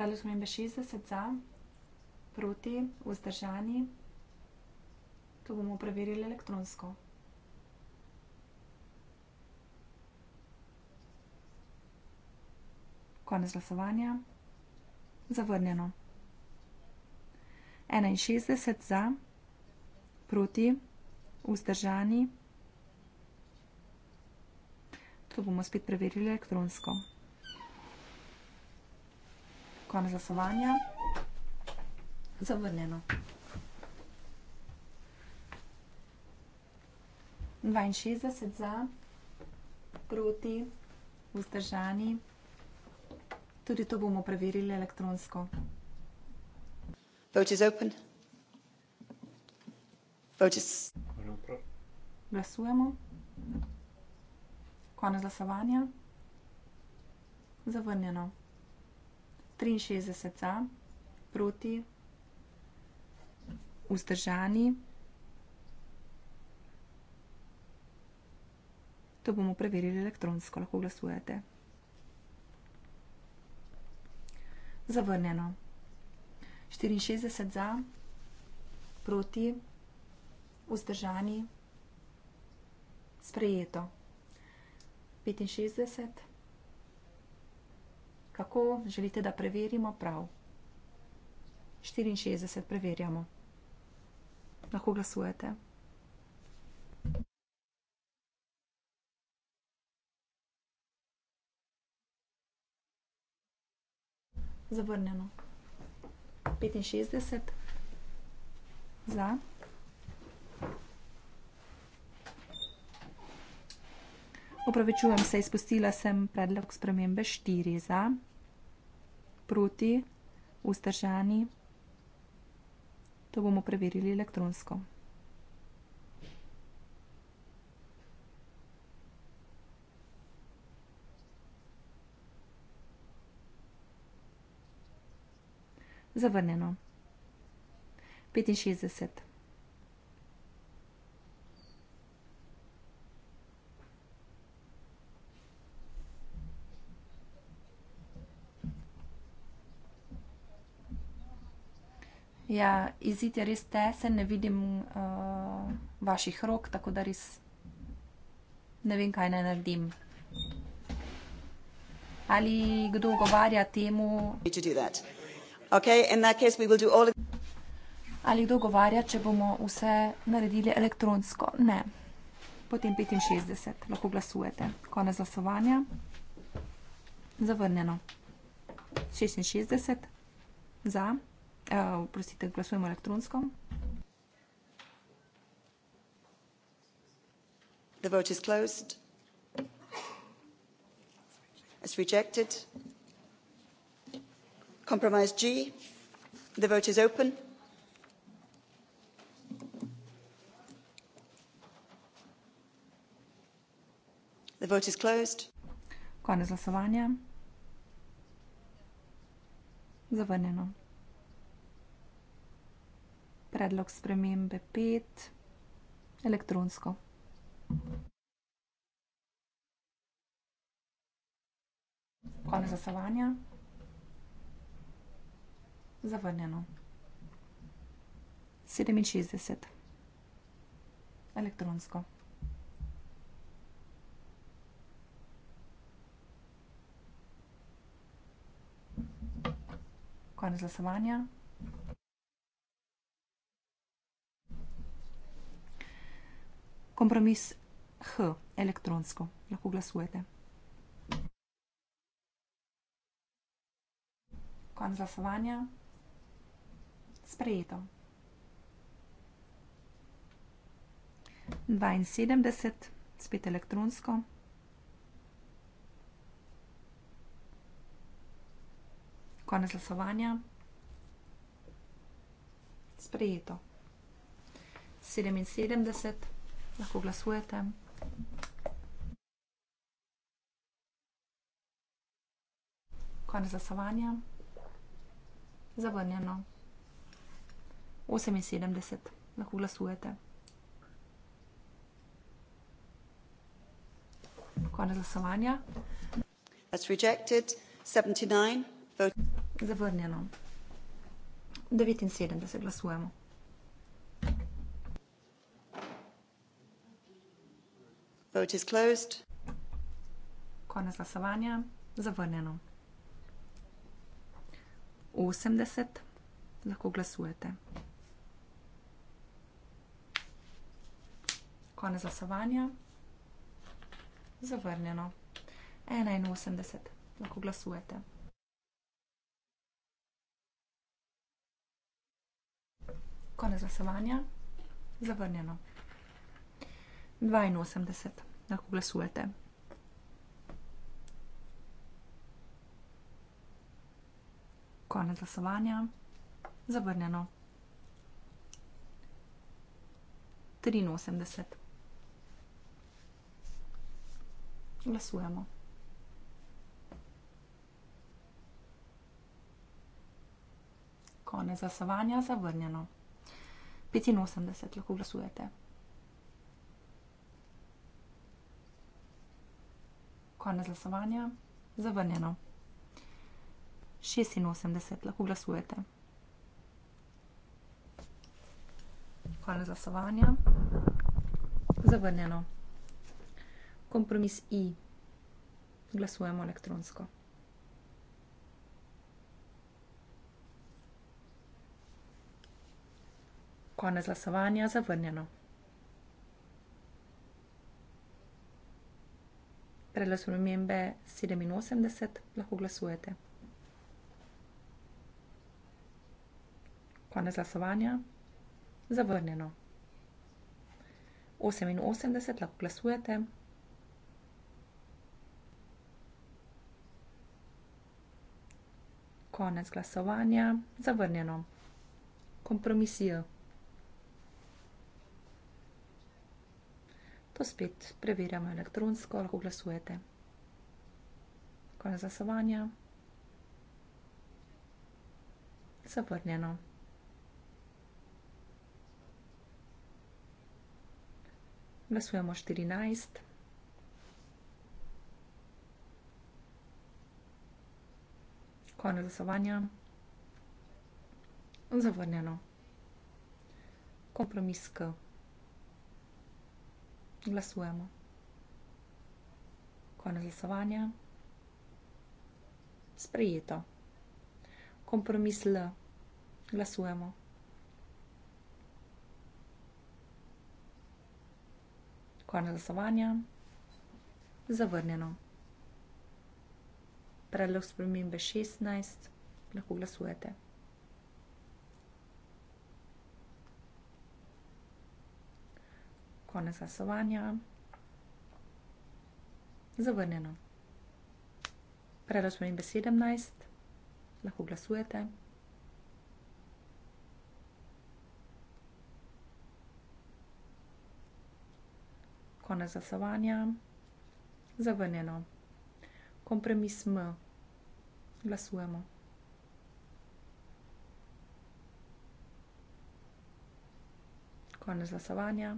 Dali smo jim 60 za, proti, vzdržani. To bomo preverili elektronsko. Konec glasovanja. Zavrnjeno. 61 za, proti, vzdržani. To bomo spet preverili elektronsko. Konec glasovanja. Zavrnjeno. 62 za, proti, vzdržani. Tudi to bomo preverili elektronsko. Vote is open. Vote is... Glasujemo. Konec glasovanja. Zavrnjeno. 63 za, proti, vzdržani. To bomo preverili elektronsko, lahko glasujete. Zavrnjeno. 64 za, proti, vzdržani, sprejeto. 65. Kako želite, da preverimo prav? 64 preverjamo. Lahko glasujete. Zavrnjeno. 65 za. Opravičujem se, izpustila sem predlog spremembe 4 za proti, vzdržani. To bomo preverili elektronsko. Zavrnjeno. 65. Ja, izid je res tesen, ne vidim uh, vaših rok, tako da res ne vem, kaj naj naredim. Ali kdo govarja temu? Ali kdo govarja, če bomo vse naredili elektronsko? Ne. Potem 65, lahko glasujete. Konec glasovanja. Zavrnjeno. 66 za. Eh, oprostite, glasujemo elektronsko. The vote is closed. It's rejected. Compromise G. The vote is open. The vote is closed. Konec glasovanja. Zavrnjeno predlog spremembe 5 elektronsko. Konec zasavanja. Zavrnjeno. 67. Elektronsko. Konec zasavanja. kompromis H elektronsko. Lahko glasujete. Konc glasovanja. Sprejeto. 72, spet elektronsko. Konec glasovanja. Sprejeto. 77 lahko glasujete. Konec glasovanja. Zavrnjeno. 78, lahko glasujete. Konec glasovanja. Zavrnjeno. 79 glasujemo. Vote is closed. Konec glasovanja. Zavrnjeno. 80. Lahko glasujete. Konec glasovanja. Zavrnjeno. 81. Lahko glasujete. Konec glasovanja. Zavrnjeno. 82, lahko glasujete. Konec glasovanja, zavrnjeno. 83. Glasujemo. Konec glasovanja, zavrnjeno. 85, lahko glasujete. Konec glasovanja, zavrnjeno. 86 lahko glasujete. Konec glasovanja, zavrnjeno. Kompromis I, glasujemo elektronsko. Konec glasovanja, zavrnjeno. predlog spremembe 87 lahko glasujete. Konec glasovanja. Zavrnjeno. 88 lahko glasujete. Konec glasovanja. Zavrnjeno. Kompromisijo. pa spet preverjamo elektronsko, lahko glasujete. Konec glasovanja. Zavrnjeno. Glasujemo 14. Konec glasovanja. Zavrnjeno. Kompromis k glasujemo. Konec glasovanja. Sprejeto. Kompromis L. Glasujemo. Konec glasovanja. Zavrnjeno. Predlog spremembe 16. Lahko glasujete. konec glasovanja. Zavrnjeno. Predlog spremenim B17, lahko glasujete. Konec glasovanja. Zavrnjeno. Kompromis M. Glasujemo. Konec glasovanja.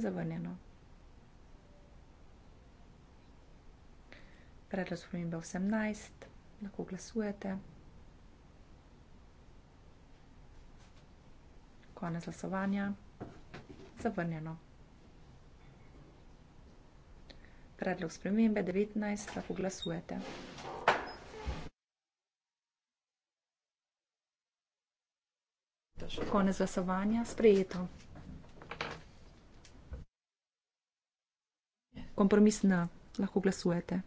zavrnjeno. Predlog spremembe 18, lahko glasujete. Konec glasovanja, zavrnjeno. Predlog spremembe 19, lahko glasujete. Konec glasovanja, sprejeto. kompromisna, lahko glasujete.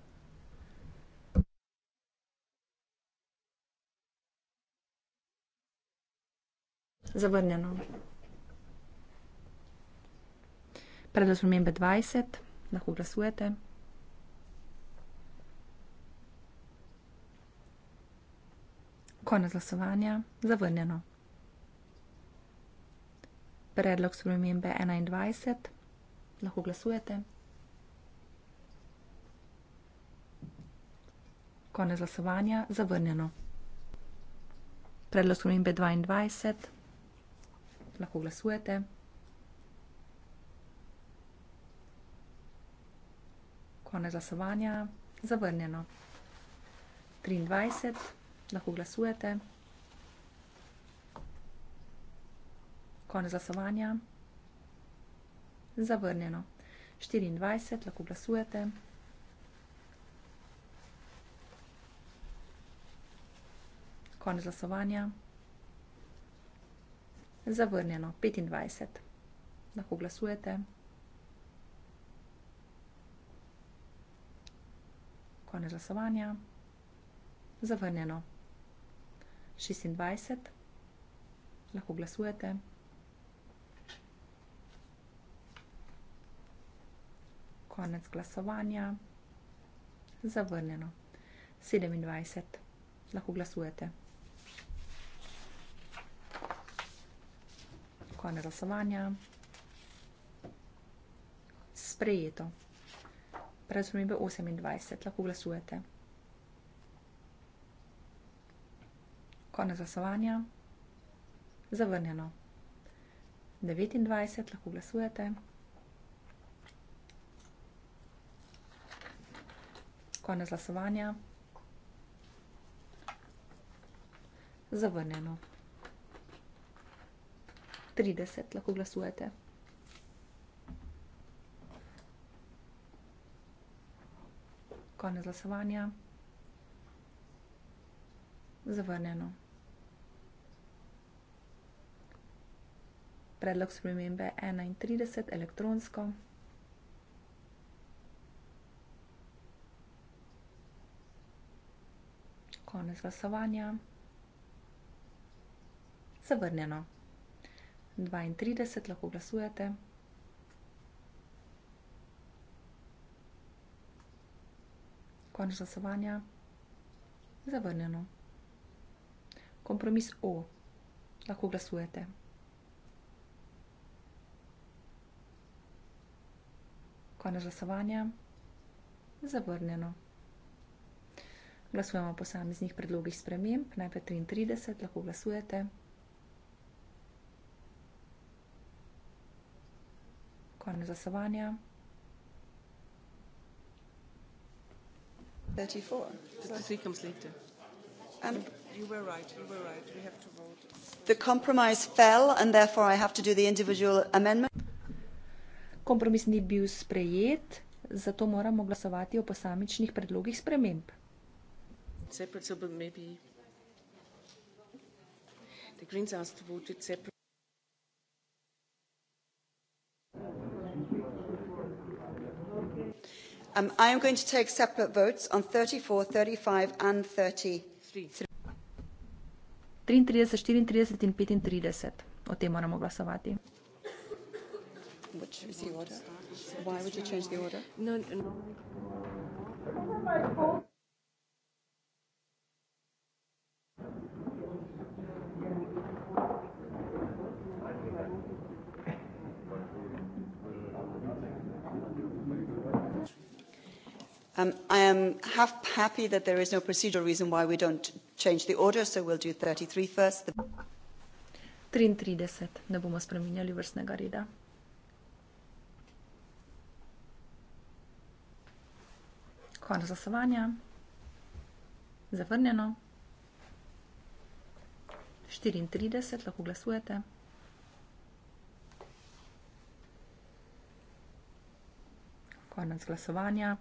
Zavrnjeno. Predlog spremembe 20, lahko glasujete. Konec glasovanja, zavrnjeno. Predlog spremembe 21, lahko glasujete. Konec glasovanja zavrnjeno. Predlog spremembe 22. Lahko glasujete. Konec glasovanja zavrnjeno. 23. Lahko glasujete. Konec glasovanja zavrnjeno. 24. Lahko glasujete. Konec glasovanja. Zavrnjeno. 25. Lahko glasujete. Konec glasovanja. Zavrnjeno. 26. Lahko glasujete. Konec glasovanja. Zavrnjeno. 27. Lahko glasujete. Zakon glasovanja. Sprejeto. Predsumitev 28. Lahko glasujete. Konec glasovanja. Zavrnjeno. 29. Lahko glasujete. Konec glasovanja. Zavrnjeno. 30 lahko glasujete. Konec glasovanja. Zavrnjeno. Predlog spremembe 31 elektronsko. Konec glasovanja. Zavrnjeno. 32, lahko glasujete. Konč glasovanja. Zavrnjeno. Kompromis O. Lahko glasujete. Konč glasovanja. Zavrnjeno. Glasujemo o posameznih predlogih sprememb. Najprej 33, lahko glasujete. konec glasovanja. 34. Kompromis ni bil sprejet, zato moramo glasovati o posamičnih predlogih sprememb. Separate, so, Um, i am going to take separate votes on 34 35 and 33 34 in 35 o tem moramo glasovati why would you change the order no, no. Um, i am half happy that there is no procedural reason why we don't change the order so we'll do 33 first the 33 ne bomo spreminjali vrstnega reda konec glasovanja zavrnjeno 34 lahko glasujete konec glasovanja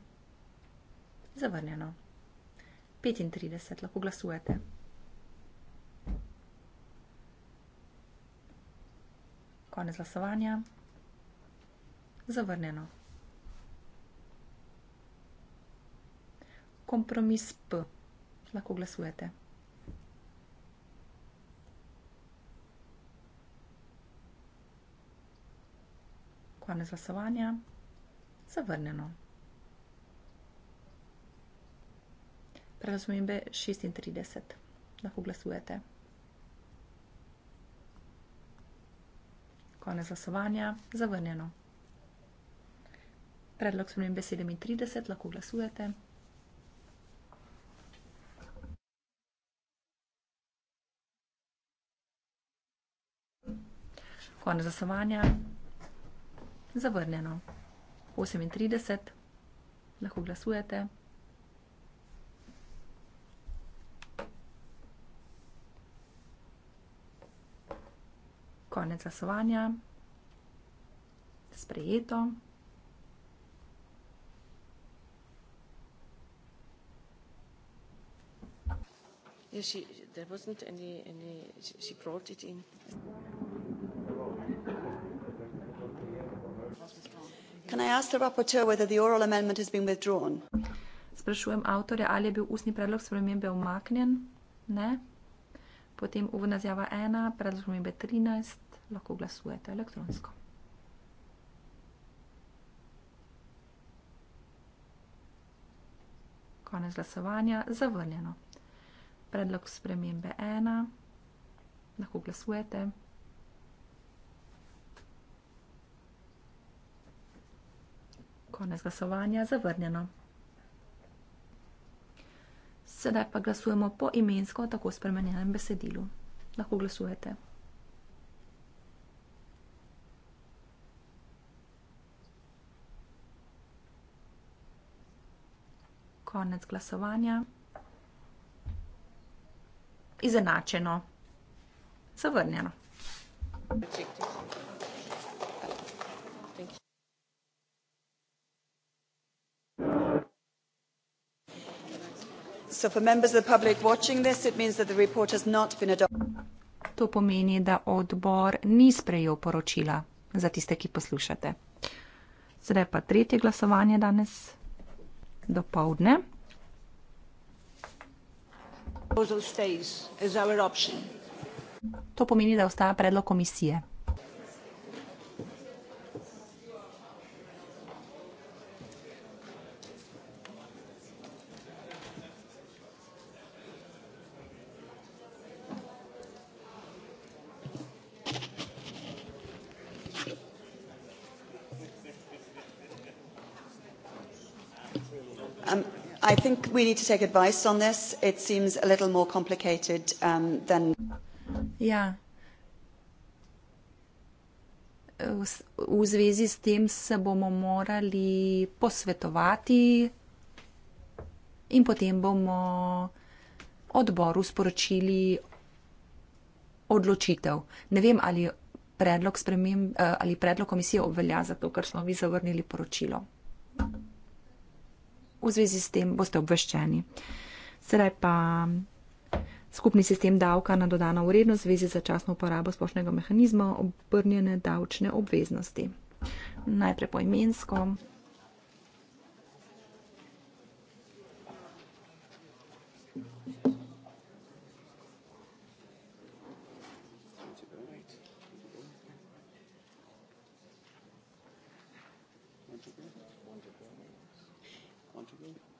Zavrnjeno. 35, lahko glasujete. Konec glasovanja. Zavrnjeno. Kompromis P. Lahko glasujete. Konec glasovanja. Zavrnjeno. Prerazumembe 36. Lahko glasujete. Konec glasovanja. Zavrnjeno. Predlog spremembe 37. Lahko glasujete. Konec glasovanja. Zavrnjeno. 38. Lahko glasujete. konec glasovanja. Sprejeto. Yeah, ja, she, there wasn't any, any, she, she brought it in. Can I ask the rapporteur whether the oral amendment has been withdrawn? Sprašujem avtorja, ali je bil ustni predlog spremembe umaknjen? Ne. Potem uvodna zjava 1, predlog spremembe 13 lahko glasujete elektronsko. Konec glasovanja, zavrljeno. Predlog spremembe 1, lahko glasujete. Konec glasovanja, zavrljeno. Sedaj pa glasujemo po imensko, tako spremenjenem besedilu. Lahko glasujete. konec glasovanja. Izenačeno, zavrnjeno. To pomeni, da odbor ni sprejel poročila za tiste, ki poslušate. Zdaj pa tretje glasovanje danes do povdne. To pomeni, da ostaja predlog komisije. I think we need to take advice on this. It seems a little more complicated um, than. Yeah. Ja. V zvezi s tem se bomo morali posvetovati in potem bomo odboru sporočili odločitev. Ne vem, ali predlog, spremem, eh, ali predlog komisije obvelja za to, ker smo mi zavrnili poročilo v zvezi s tem boste obveščeni. Sedaj pa skupni sistem davka na dodano vrednost v zvezi z začasno uporabo splošnega mehanizma obrnjene davčne obveznosti. Najprej poimensko.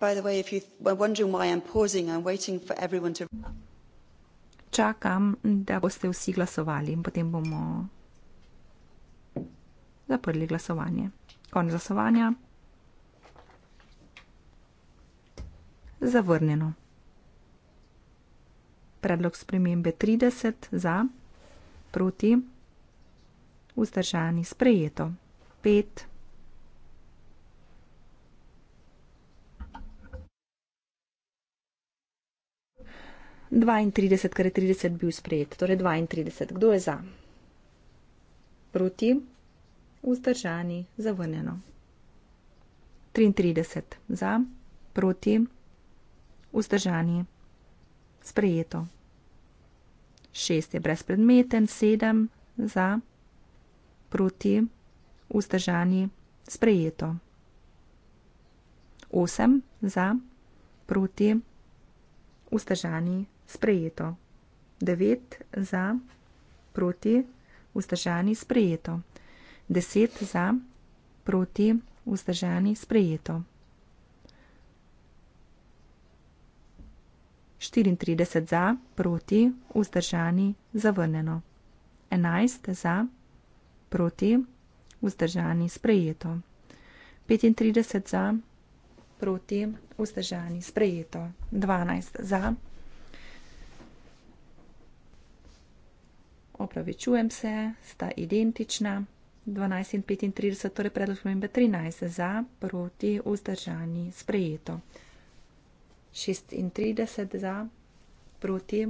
By the way, if you were wondering why I'm pausing, I'm waiting for everyone to. Čakam, da boste vsi glasovali in potem bomo zaprli glasovanje. Konec glasovanja. Zavrnjeno. Predlog spremembe 30 za, proti, vzdržani sprejeto. 5. 32, kar je 30 bil sprejet. Torej 32. Kdo je za? Proti? Vzdržani? Zavrnjeno. 33. Za? Proti? Vzdržani? Sprejeto. 6 je brezpredmeten, 7 za, proti, vzdržani, sprejeto. 8 za, proti, vzdržani, sprejeto. 9 za, proti, vzdržani, sprejeto. 10 za, proti, vzdržani, sprejeto. 34 za, proti, vzdržani, zavrnjeno. 11 za, proti, vzdržani, sprejeto. 35 za, proti, vzdržani, sprejeto. 12 za, proti. opravičujem se, sta identična. 12 in 35, torej predlog spremembe 13 za, proti, vzdržani, sprejeto. 36 za, proti,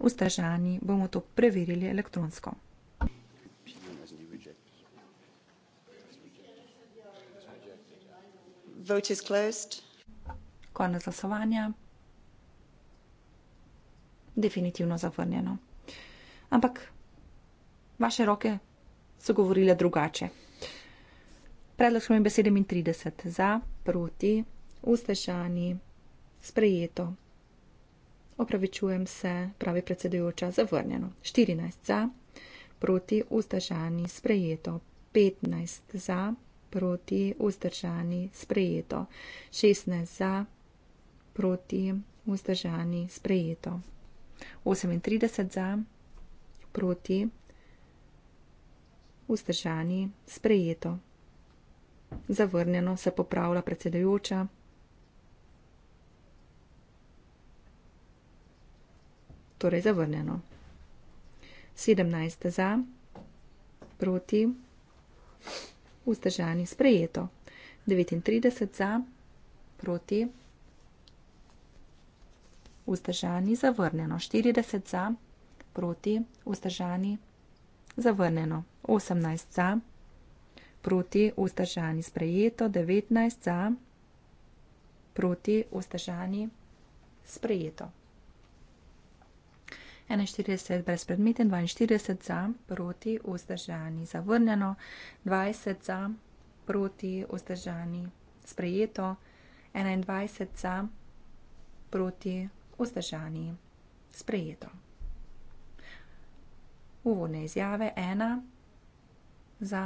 vzdržani, bomo to preverili elektronsko. Vote is closed. Konec glasovanja. Definitivno zavrnjeno ampak vaše roke so govorile drugače. Predlog smo imeli 37 za, proti, ustešani, sprejeto. Opravičujem se, pravi predsedujoča, zavrnjeno. 14 za, proti, ustešani, sprejeto. 15 za, proti, ustešani, sprejeto. 16 za, proti, ustešani, sprejeto. 38 za, proti, vzdržani, sprejeto. Zavrnjeno se popravlja predsedujoča. Torej zavrnjeno. 17 za, proti, vzdržani, sprejeto. 39 za, proti, vzdržani, zavrnjeno. 40 za proti, vzdržani, zavrnjeno, 18 za, proti, vzdržani, sprejeto, 19 za, proti, vzdržani, sprejeto. 41 brezpredmeten, 42 za, proti, vzdržani, zavrnjeno, 20 za, proti, vzdržani, sprejeto, 21 za, proti, vzdržani, sprejeto uvodne izjave, ena za,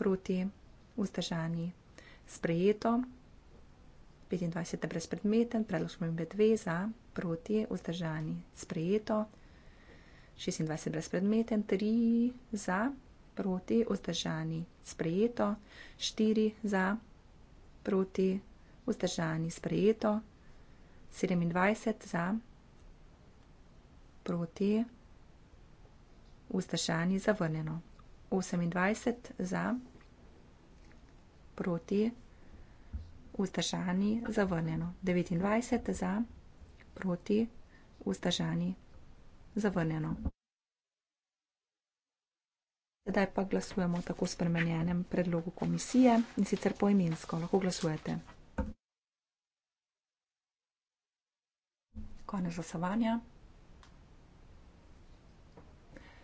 proti, vzdržani, sprejeto, 25 je brezpredmeten, predlog spremembe dve za, proti, vzdržani, sprejeto, 26 je brezpredmeten, tri za, proti, vzdržani, sprejeto, štiri za, proti, vzdržani, sprejeto, 27 za, proti, vzdržani, sprejeto vzdržani zavrnjeno. 28 za, proti, vzdržani zavrnjeno. 29 za, proti, vzdržani zavrnjeno. Zdaj pa glasujemo o tako spremenjenem predlogu komisije in sicer poimensko lahko glasujete. Konec glasovanja.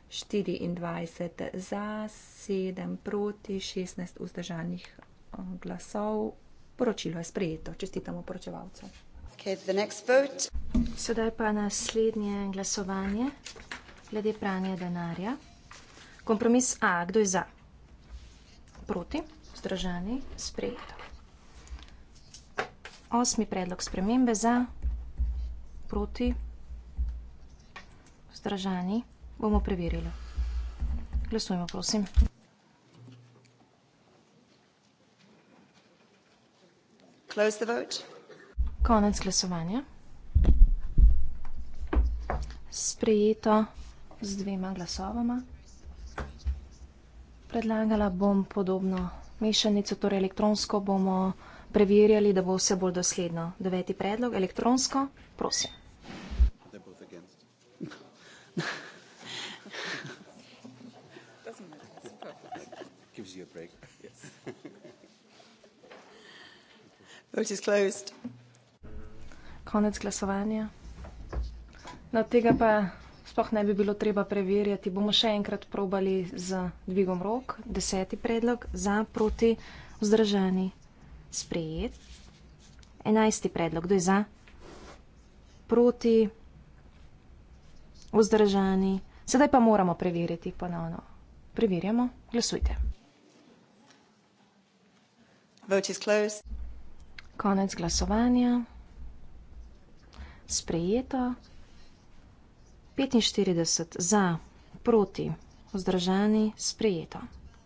24 za, 7 proti, 16 vzdržanih eh, glasov. Poročilo je sprejeto. Čestitamo poročevalcu. Okay, Sedaj pa naslednje glasovanje glede pranja denarja. Kompromis A. Kdo je za? Proti, vzdržani, sprejeto. Osmi predlog spremembe za, proti, vzdržani, sprejeto. Bomo preverili. Glasujemo, prosim. Close the vote. Konec glasovanja. Sprejeto z dvema glasovama. Predlagala bom podobno mešanico, torej elektronsko bomo preverjali, da bo vse bolj dosledno. Deveti predlog, elektronsko, prosim. easier break. Yes. Vote is closed. Konec glasovanja. No, tega pa sploh ne bi bilo treba preverjati. Bomo še enkrat probali z dvigom rok. Deseti predlog za proti vzdržani sprejet. Enajsti predlog. Kdo je za? Proti vzdržani. Sedaj pa moramo preveriti ponovno. Preverjamo. Glasujte. Vote is closed. Konec glasovanja. Sprejeto. 45 za, proti, vzdržani, sprejeto.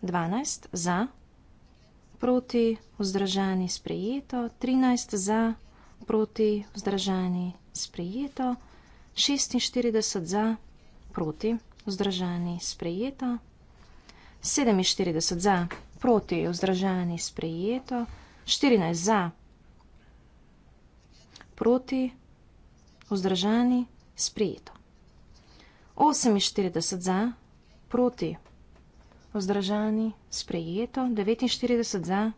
12 za, proti, vzdržani, sprejeto. 13 za, proti, vzdržani, sprejeto. 46 za, proti, vzdržani, sprejeto. 47 za, proti, vzdržani, sprejeto proti je vzdržani sprejeto, 14 za, proti, vzdržani sprejeto. 48 za, proti, vzdržani sprejeto, 49 za,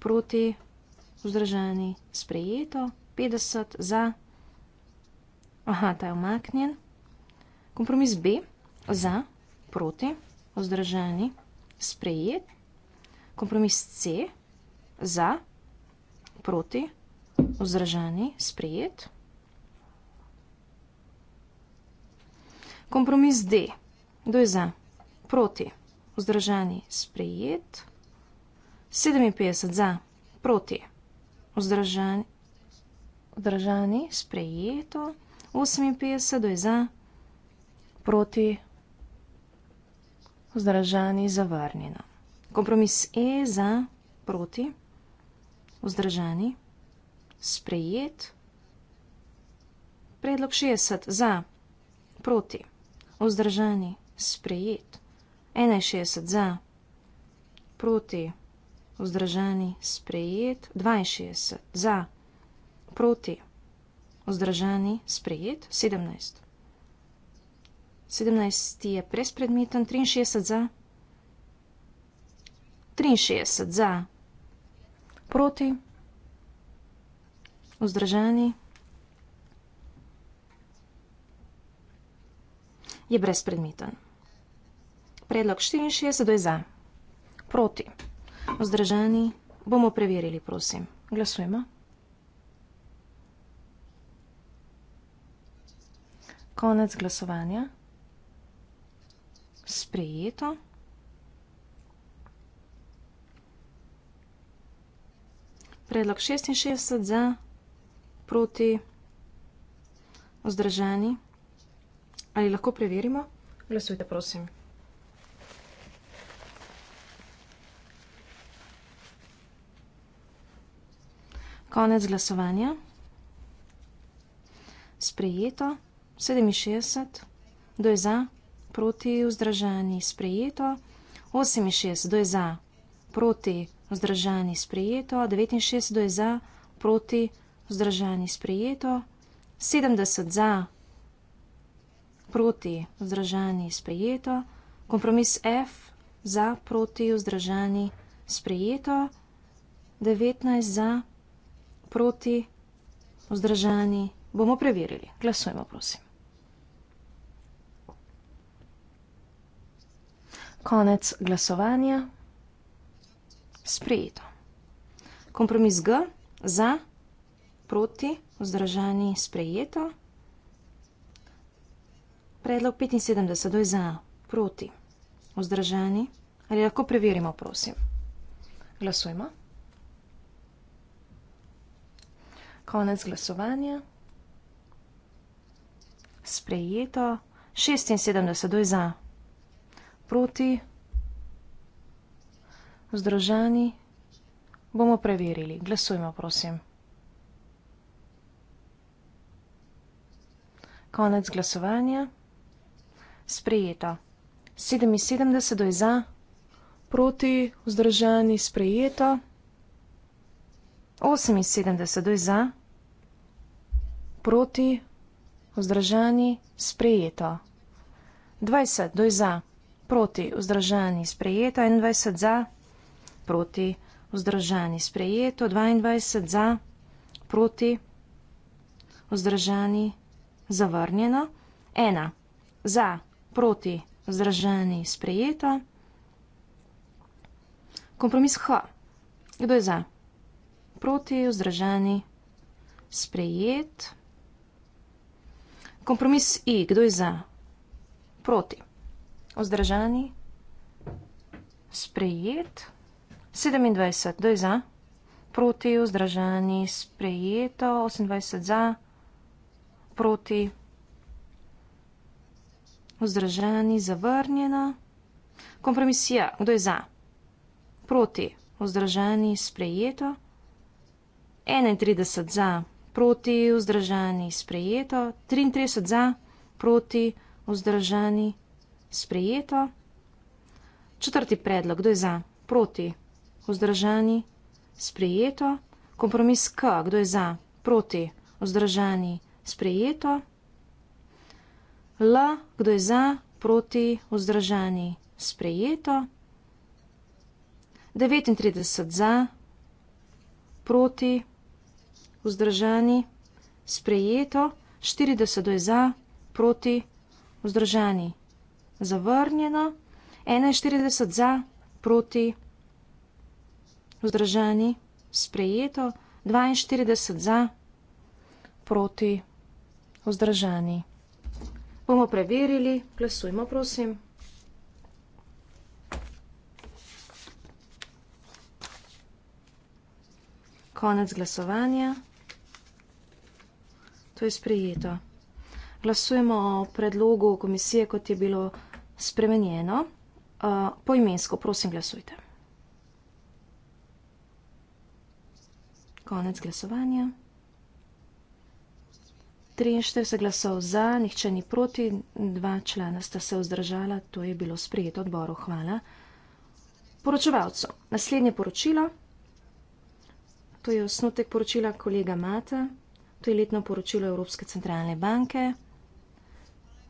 proti, vzdržani sprejeto, 50 za, aha, ta je omaknjen, kompromis B, za, proti, vzdržani sprejeto, kompromis C, za, proti, vzdržani, sprejet. Kompromis D, kdo je za, proti, vzdržani, sprejet. 57 za, proti, vzdržani, vzdržani sprejeto. 58, kdo je za, proti, vzdržani, zavrnjeno. Kompromis E za proti, vzdržani, sprejet. Predlog 60 za proti, vzdržani, sprejet. 61 za proti, vzdržani, sprejet. 62 za proti, vzdržani, sprejet. 17. 17 je brezpredmeten, 63 za proti. 63 za, proti, vzdržani. Je brezpredmeten. Predlog 64 je za, proti, vzdržani. Bomo preverili, prosim. Glasujemo. Konec glasovanja. Sprejeto. predlog 66 za, proti, vzdržani. Ali lahko preverimo? Glasujte, prosim. Konec glasovanja. Sprejeto. 67. Do je za, proti, vzdržani. Sprejeto. 68. Do je za, proti, vzdržani vzdržani sprejeto, 69 je za, proti vzdržani sprejeto, 70 za, proti vzdržani sprejeto, kompromis F za, proti vzdržani sprejeto, 19 za, proti vzdržani. Bomo preverili. Glasujemo, prosim. Konec glasovanja sprejeto. Kompromis G za, proti, vzdržani, sprejeto. Predlog 75, doj za, proti, vzdržani. Ali lahko preverimo, prosim. Glasujmo. Konec glasovanja. Sprejeto. 76 doj za, proti, vzdržani vzdržani, bomo preverili. Glasujmo, prosim. Konec glasovanja. Sprejeto. 77 je za, proti, vzdržani, sprejeto. 78 je za, proti, vzdržani, sprejeto. 20 je za, proti, vzdržani, sprejeto. 21 je za, proti vzdržani. Sprejeto 22 za, proti vzdržani, zavrnjeno. 1 za, proti vzdržani, sprejeto. Kompromis H. Kdo je za? Proti vzdržani, sprejet. Kompromis I. Kdo je za? Proti. Vzdržani, sprejet. Sprejet. 27, kdo je za? Proti, vzdržani, sprejeto, 28 za, proti, vzdržani, zavrnjena. Kompromisija, kdo je za? Proti, vzdržani, sprejeto, 31 za, proti, vzdržani, sprejeto, 33 za, proti, vzdržani, sprejeto. Četrti predlog, kdo je za? Proti vzdržani, sprejeto. Kompromis K, kdo je za, proti, vzdržani, sprejeto. L, kdo je za, proti, vzdržani, sprejeto. 39 za, proti, vzdržani, sprejeto. 40 je za, proti, vzdržani, zavrnjeno. 41 za, proti, vzdržani vzdržani, sprejeto, 42 za, proti, vzdržani. Bomo preverili, glasujmo prosim. Konec glasovanja. To je sprejeto. Glasujemo o predlogu komisije, kot je bilo spremenjeno. Uh, poimensko, prosim, glasujte. Konec glasovanja. 43 glasov za, nihče ni proti, dva člana sta se vzdržala, to je bilo sprejeto odboru. Hvala. Poročevalcu. Naslednje poročilo. To je osnutek poročila kolega Mata. To je letno poročilo Evropske centralne banke.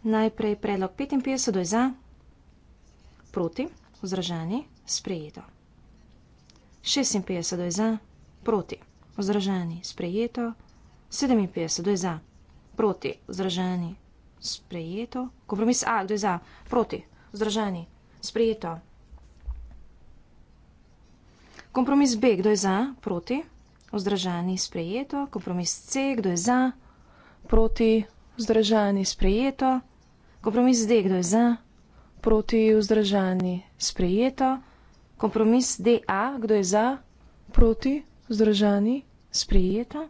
Najprej predlog 55, doj za, proti, vzdržani, sprejeto. 56, doj za, proti. Vzraženi, sprejeto. 57, kdo je za? Proti, vzraženi, sprejeto. Kompromis A, kdo je za? Proti, vzraženi, sprejeto. Kompromis B, kdo je za? Proti, vzraženi, sprejeto. Kompromis C, kdo je za? Proti, vzraženi, sprejeto. Kompromis D, kdo je za? Proti, vzraženi, sprejeto. Kompromis DA, kdo je za? Proti, vzraženi, sprejeto vzdržani, sprijeta.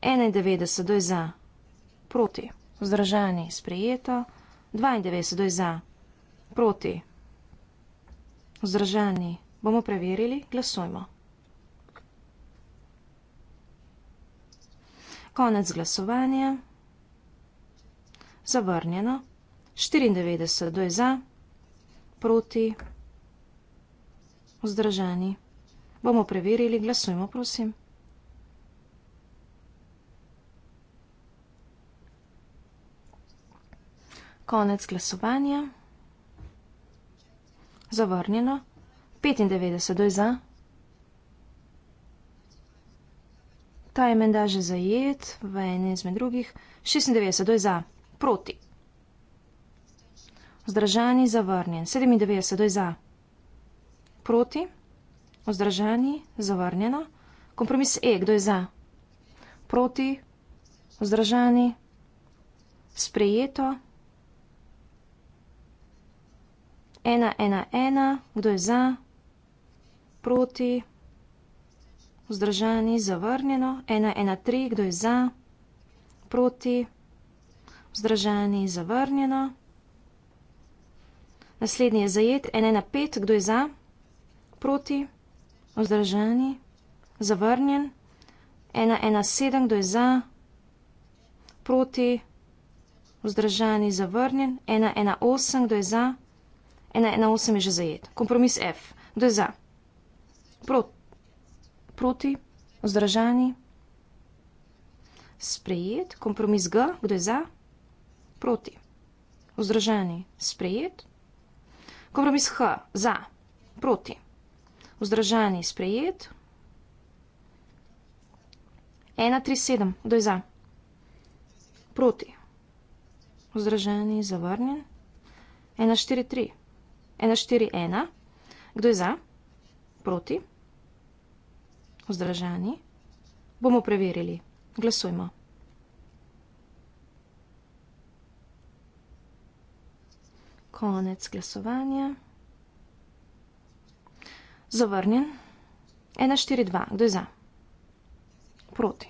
91 doj za, proti, vzdržani, sprijeta. 92 doj za, proti, vzdržani, bomo preverili, glasujmo. Konec glasovanja, zavrnjeno, 94 doj za, proti, vzdržani, vzdržani. Bomo preverili, glasujmo, prosim. Konec glasovanja. Zavrnjeno. 95 do je za. Ta je menda že zajet v eni izmed drugih. 96 do je za. Proti. Zdržani zavrnjen. 97 do je za. Proti. Vzdržani? Zavrnjeno. Kompromis E, kdo je za? Proti? Vzdržani? Sprejeto. Ena, ena, ena. Kdo je za? Proti? Vzdržani? Zavrnjeno. Ena, ena, tri. Kdo je za? Proti? Vzdržani? Zavrnjeno. Naslednji je zajet. Ena, ena, pet. Kdo je za? Proti? Proti? Vzdržani. Zavrnjen. 117, kdo je za? Proti. Vzdržani, zavrnjen. 118, kdo je za? 118 je že zajet. Kompromis F. Kdo je za? Proti. Proti. Vzdržani. Sprejet. Kompromis G. Kdo je za? Proti. Vzdržani. Sprejet. Kompromis H. Za. Proti. Vzdržani, sprejet. 1, 3, 7, kdo je za? Proti. Vzdržani, zavrnjen. 1, 4, 3. 1, 4, 1. Kdo je za? Proti. Vzdržani. Bomo preverili. Glasujmo. Konec glasovanja. Zavrnjen. 1-4-2. Kdo je za? Proti.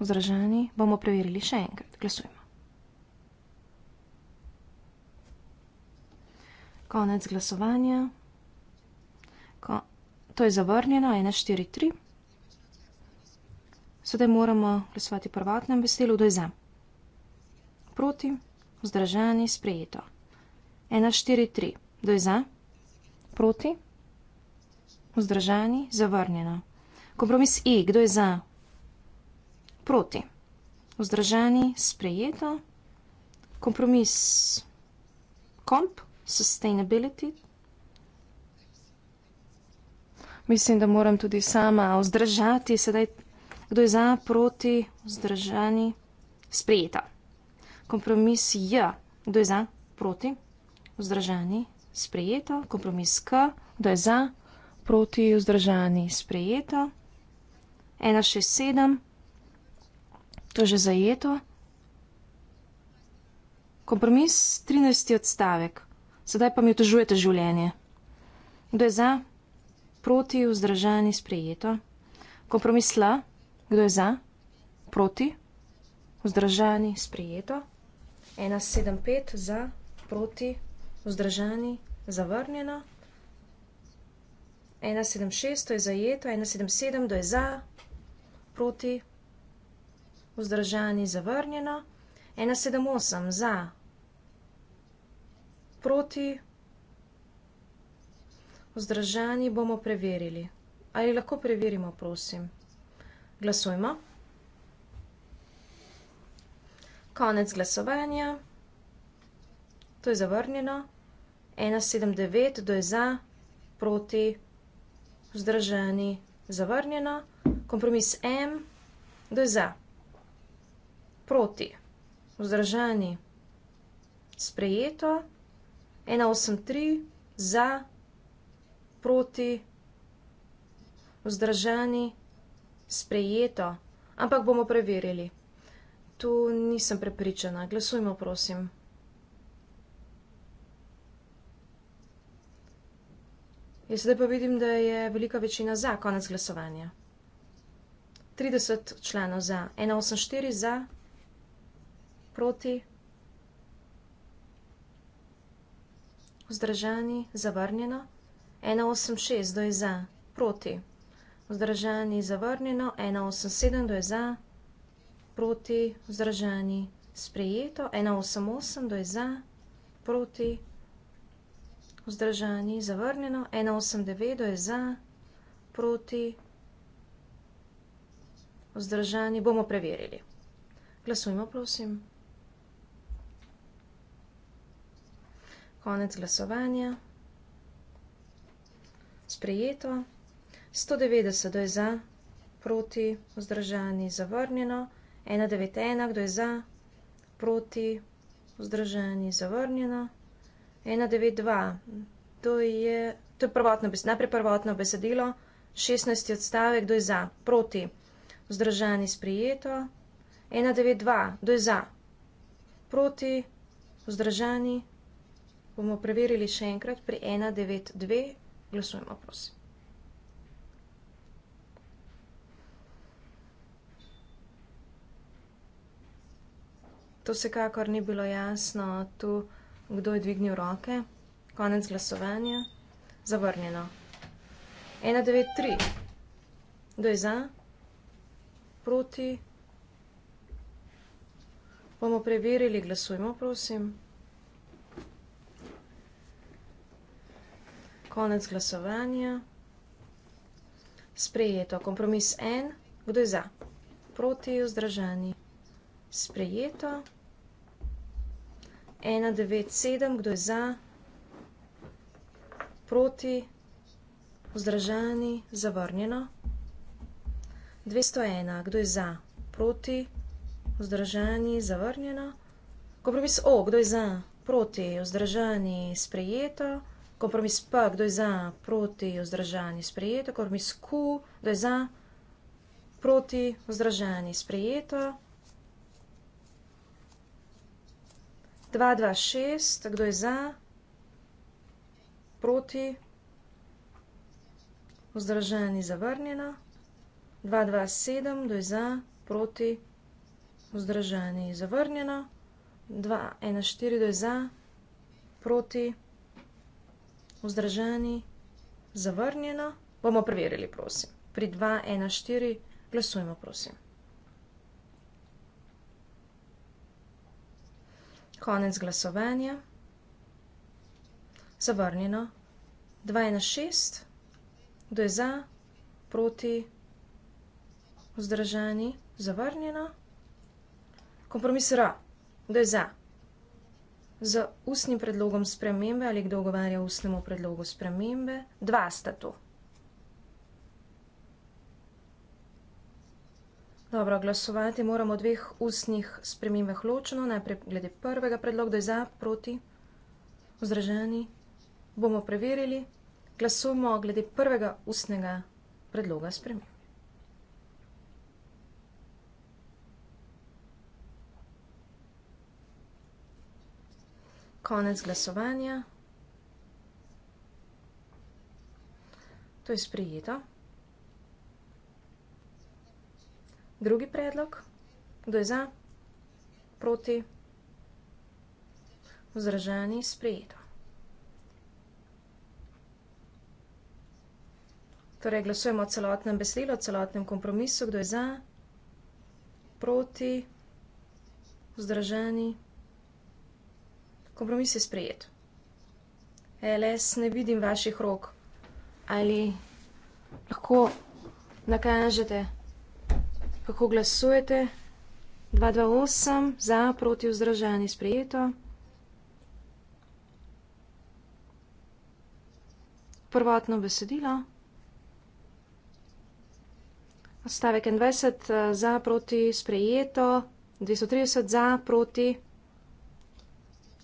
Vzdržani bomo preverili še enkrat. Glasujemo. Konec glasovanja. Ko... To je zavrnjeno. 1-4-3. Sedaj moramo glasovati prvotnem veselu. Kdo je za? Proti. Vzdržani. Sprejeto. 1-4-3. Kdo je za? Proti. Proti? Vzdržani? Zavrnjeno. Kompromis I, kdo je za? Proti. Vzdržani? Sprejeto. Kompromis komp? Sustainability? Mislim, da moram tudi sama vzdržati. Sedaj, kdo je za? Proti? Vzdržani? Sprejeta. Kompromis J, kdo je za? Proti? Vzdržani? sprejeto, kompromis K, kdo je za, proti, vzdržani, sprejeto, 167, to je že zajeto. Kompromis 13. odstavek, sedaj pa mi otežujete življenje. Kdo je za, proti, vzdržani, sprejeto. Kompromis L, kdo je za, proti, vzdržani, sprejeto. 175 za, proti, vzdržani vzdržani, zavrnjeno. 1,76 to je zajeto, 1,77 to je za, proti, vzdržani, zavrnjeno. 1,78 za, proti, vzdržani bomo preverili. Ali lahko preverimo, prosim? Glasujmo. Konec glasovanja. To je zavrnjeno. 1,78. 179, kdo je za, proti, vzdržani, zavrnjeno. Kompromis M, kdo je za, proti, vzdržani, sprejeto. 183, za, proti, vzdržani, sprejeto. Ampak bomo preverili. Tu nisem prepričana. Glasujmo, prosim. Jaz zdaj pa vidim, da je velika večina za konec glasovanja. 30 članov za, 184 za, proti, vzdržani, zavrnjeno, 186 do je za, proti, vzdržani, zavrnjeno, 187 do je za, proti, vzdržani, sprejeto, 188 do je za, proti, vzdržani, sprejeto, 188 do je za, proti, vzdržani, zavrnjeno, 189 je za, proti, vzdržani, bomo preverili. Glasujmo, prosim. Konec glasovanja. Sprejeto. 190 je za, proti, vzdržani, zavrnjeno, 191 je za, proti, vzdržani, zavrnjeno. 1.9.2. To je, to je prvotno, najprej prvotno besedilo, 16. odstavek, kdo je za, proti, vzdržani sprijeto. 1.9.2, kdo je za, proti, vzdržani, bomo preverili še enkrat pri 1.9.2, glasujemo, prosim. To vsekakor ni bilo jasno tu. Kdo je dvignil roke? Konec glasovanja. Zavrnjeno. 1,9,3. Kdo je za? Proti? Bomo preverili. Glasujmo, prosim. Konec glasovanja. Sprejeto. Kompromis 1. Kdo je za? Proti? Zdržani. Sprejeto. Sprejeto ena, devet, sedem, kdo je za, proti, vzdržani, zavrnjeno. 201, kdo je za, proti, vzdržani, zavrnjeno. Kompromis O, kdo je za, proti, vzdržani, sprejeto. Kompromis P, kdo je za, proti, vzdržani, sprejeto. Kompromis Q, kdo je za, proti, vzdržani, sprejeto. 2, 2, 6, kdo je za, proti, vzdržani zavrnjeno, 2, 2, 7, kdo je za, proti, vzdržani zavrnjeno, 2, 1, 4, kdo je za, proti, vzdržani zavrnjeno, bomo preverili, prosim, pri 2, 1, 4, glasujmo, prosim. Konec glasovanja. Zavrnjeno. 2 na 6. Kdo je za, proti, vzdržani, zavrnjeno. Kompromis R. Kdo je za? Z ustnim predlogom spremembe ali kdo govarja ustnemu predlogu spremembe? Dva sta to. Dobro, glasovati moramo o dveh ustnih spremembah ločeno. Najprej glede prvega predloga, da je za, proti, vzdržani. Bomo preverili. Glasujemo glede prvega ustnega predloga spremembe. Konec glasovanja. To je sprijeto. Drugi predlog. Kdo je za? Proti? Vzraženi? Sprejeto. Torej, glasujemo o celotnem besedilu, o celotnem kompromisu. Kdo je za? Proti? Vzraženi? Kompromis je sprejet. LS, ne vidim vaših rok. Ali lahko nakažete vsega? kako glasujete. 228 za, proti vzdržani, sprejeto. Prvotno besedilo. Stavek 21 za, proti sprejeto. 230 za, proti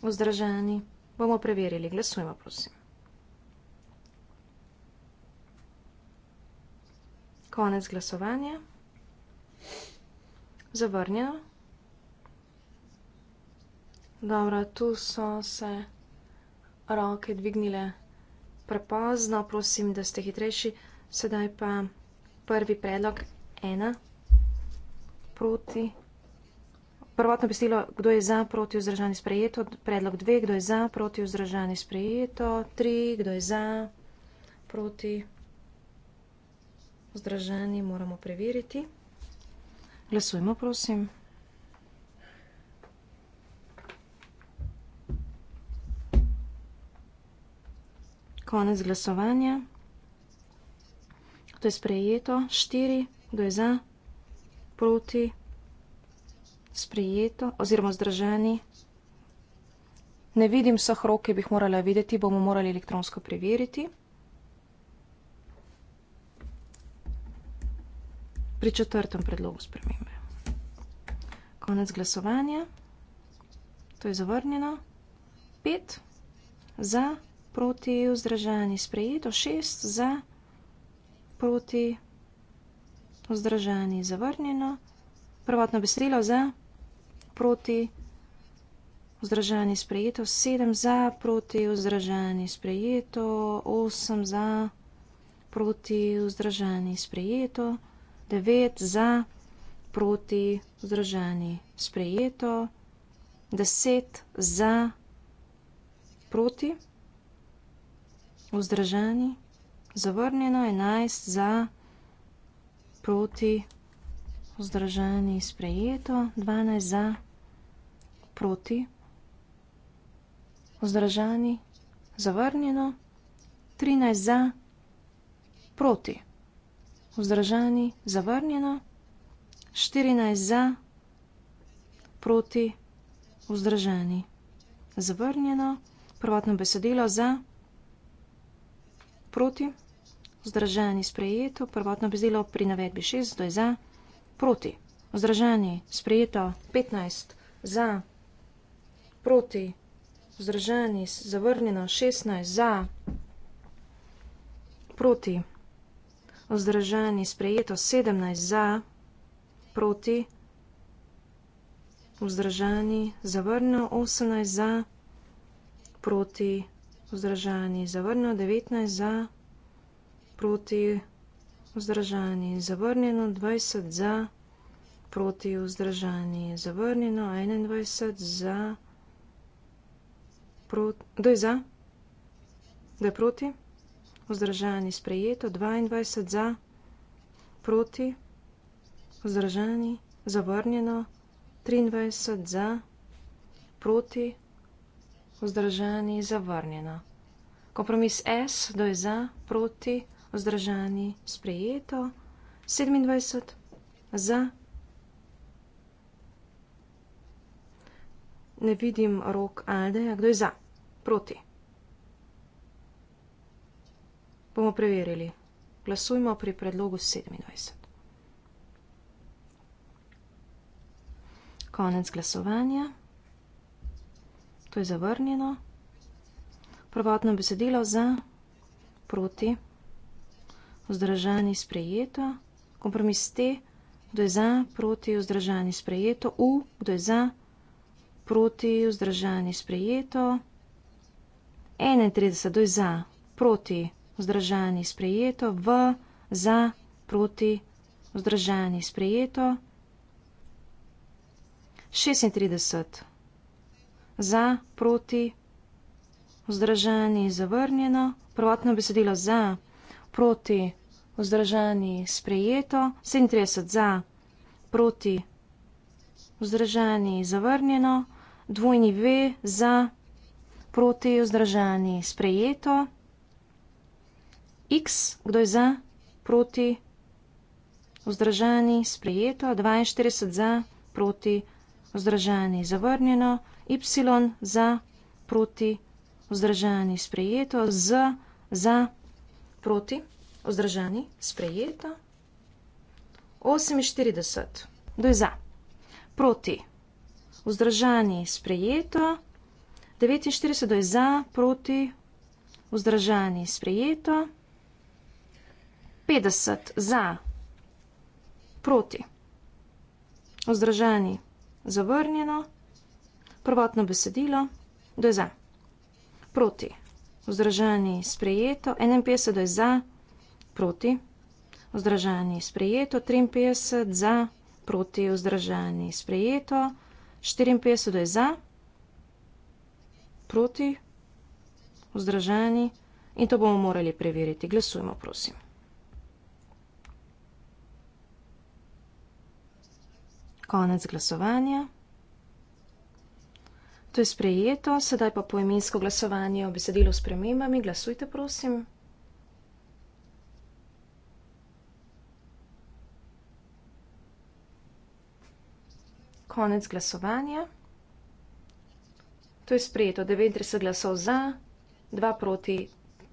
vzdržani. Bomo preverili. Glasujemo, prosim. Konec glasovanja zavrnjeno. Dobro, tu so se roke dvignile prepozno, prosim, da ste hitrejši. Sedaj pa prvi predlog, ena proti. Prvotno pisilo, kdo je za, proti vzdržani sprejeto. Predlog dve, kdo je za, proti vzdržani sprejeto. Tri, kdo je za, proti vzdržani, moramo preveriti. Glasujmo, prosim. Konec glasovanja. To je sprejeto. Štiri, kdo je za, proti, sprejeto oziroma zdržani. Ne vidim vseh rok, ki bi jih morala videti, bomo morali elektronsko preveriti. pri četrtem predlogu spremembe. Konec glasovanja. To je zavrnjeno. Pet za, proti, vzdržani, sprejeto. Šest za, proti, vzdržani, zavrnjeno. Prvotno besedilo za, proti, vzdržani, sprejeto. Sedem za, proti, vzdržani, sprejeto. Osem za, proti, vzdržani, sprejeto devet za, proti, vzdržani, sprejeto, deset za, proti, vzdržani, zavrnjeno, enajst za, proti, vzdržani, sprejeto, dvanajst za, proti, vzdržani, zavrnjeno, trinajst za, proti vzdržani, zavrnjeno, 14 za, proti, vzdržani, zavrnjeno, prvotno besedilo za, proti, vzdržani, sprejeto, prvotno besedilo pri navedbi 6, to je za, proti, vzdržani, sprejeto, 15 za, proti, vzdržani, zavrnjeno, 16 za, proti, vzdržani, vzdržani, sprejeto 17 za, proti, vzdržani, zavrnil 18 za, proti, vzdržani, zavrnil 19 za, proti, vzdržani, zavrnjeno 20 za, proti, vzdržani, zavrnjeno 21 za, proti, doj za, da je proti vzdržani, sprejeto 22 za, proti, vzdržani, zavrnjeno 23 za, proti, vzdržani, zavrnjeno. Kompromis S, do je za, proti, vzdržani, sprejeto 27 za. Ne vidim rok Aldeja, kdo je za, proti. Bomo preverili. Glasujmo pri predlogu 27. Konec glasovanja. To je zavrnjeno. Prvotno besedilo za, proti, vzdržani sprejeto. Kompromis te, kdo je za, proti, vzdržani sprejeto. U, kdo je za, proti, vzdržani sprejeto. 31, kdo je za, proti, vzdržani sprejeto vzdržani, sprejeto, v, za, proti, vzdržani, sprejeto. 36. Za, proti, vzdržani, zavrnjeno. Prvotno besedilo za, proti, vzdržani, sprejeto. 37. Za, proti, vzdržani, zavrnjeno. Dvojni V za, proti, vzdržani, sprejeto x, kdo je za, proti, vzdržani, sprejeto, 42 za, proti, vzdržani, zavrnjeno, y za, proti, vzdržani, sprejeto, z za, proti, vzdržani, sprejeto, 48, kdo je za, proti, vzdržani, sprejeto, 49, kdo je za, proti, vzdržani, sprejeto, 49, 50 za, proti, vzdržani, zavrnjeno, prvotno besedilo, do je za, proti, vzdržani, sprejeto, 51 do je za, proti, vzdržani, sprejeto, 53 za, proti, vzdržani, sprejeto, 54 do je za, proti, vzdržani, in to bomo morali preveriti. Glasujmo, prosim. konec glasovanja. To je sprejeto, sedaj pa poimensko glasovanje o besedilu s premembami. Glasujte, prosim. Konec glasovanja. To je sprejeto. 39 glasov za, 2 proti,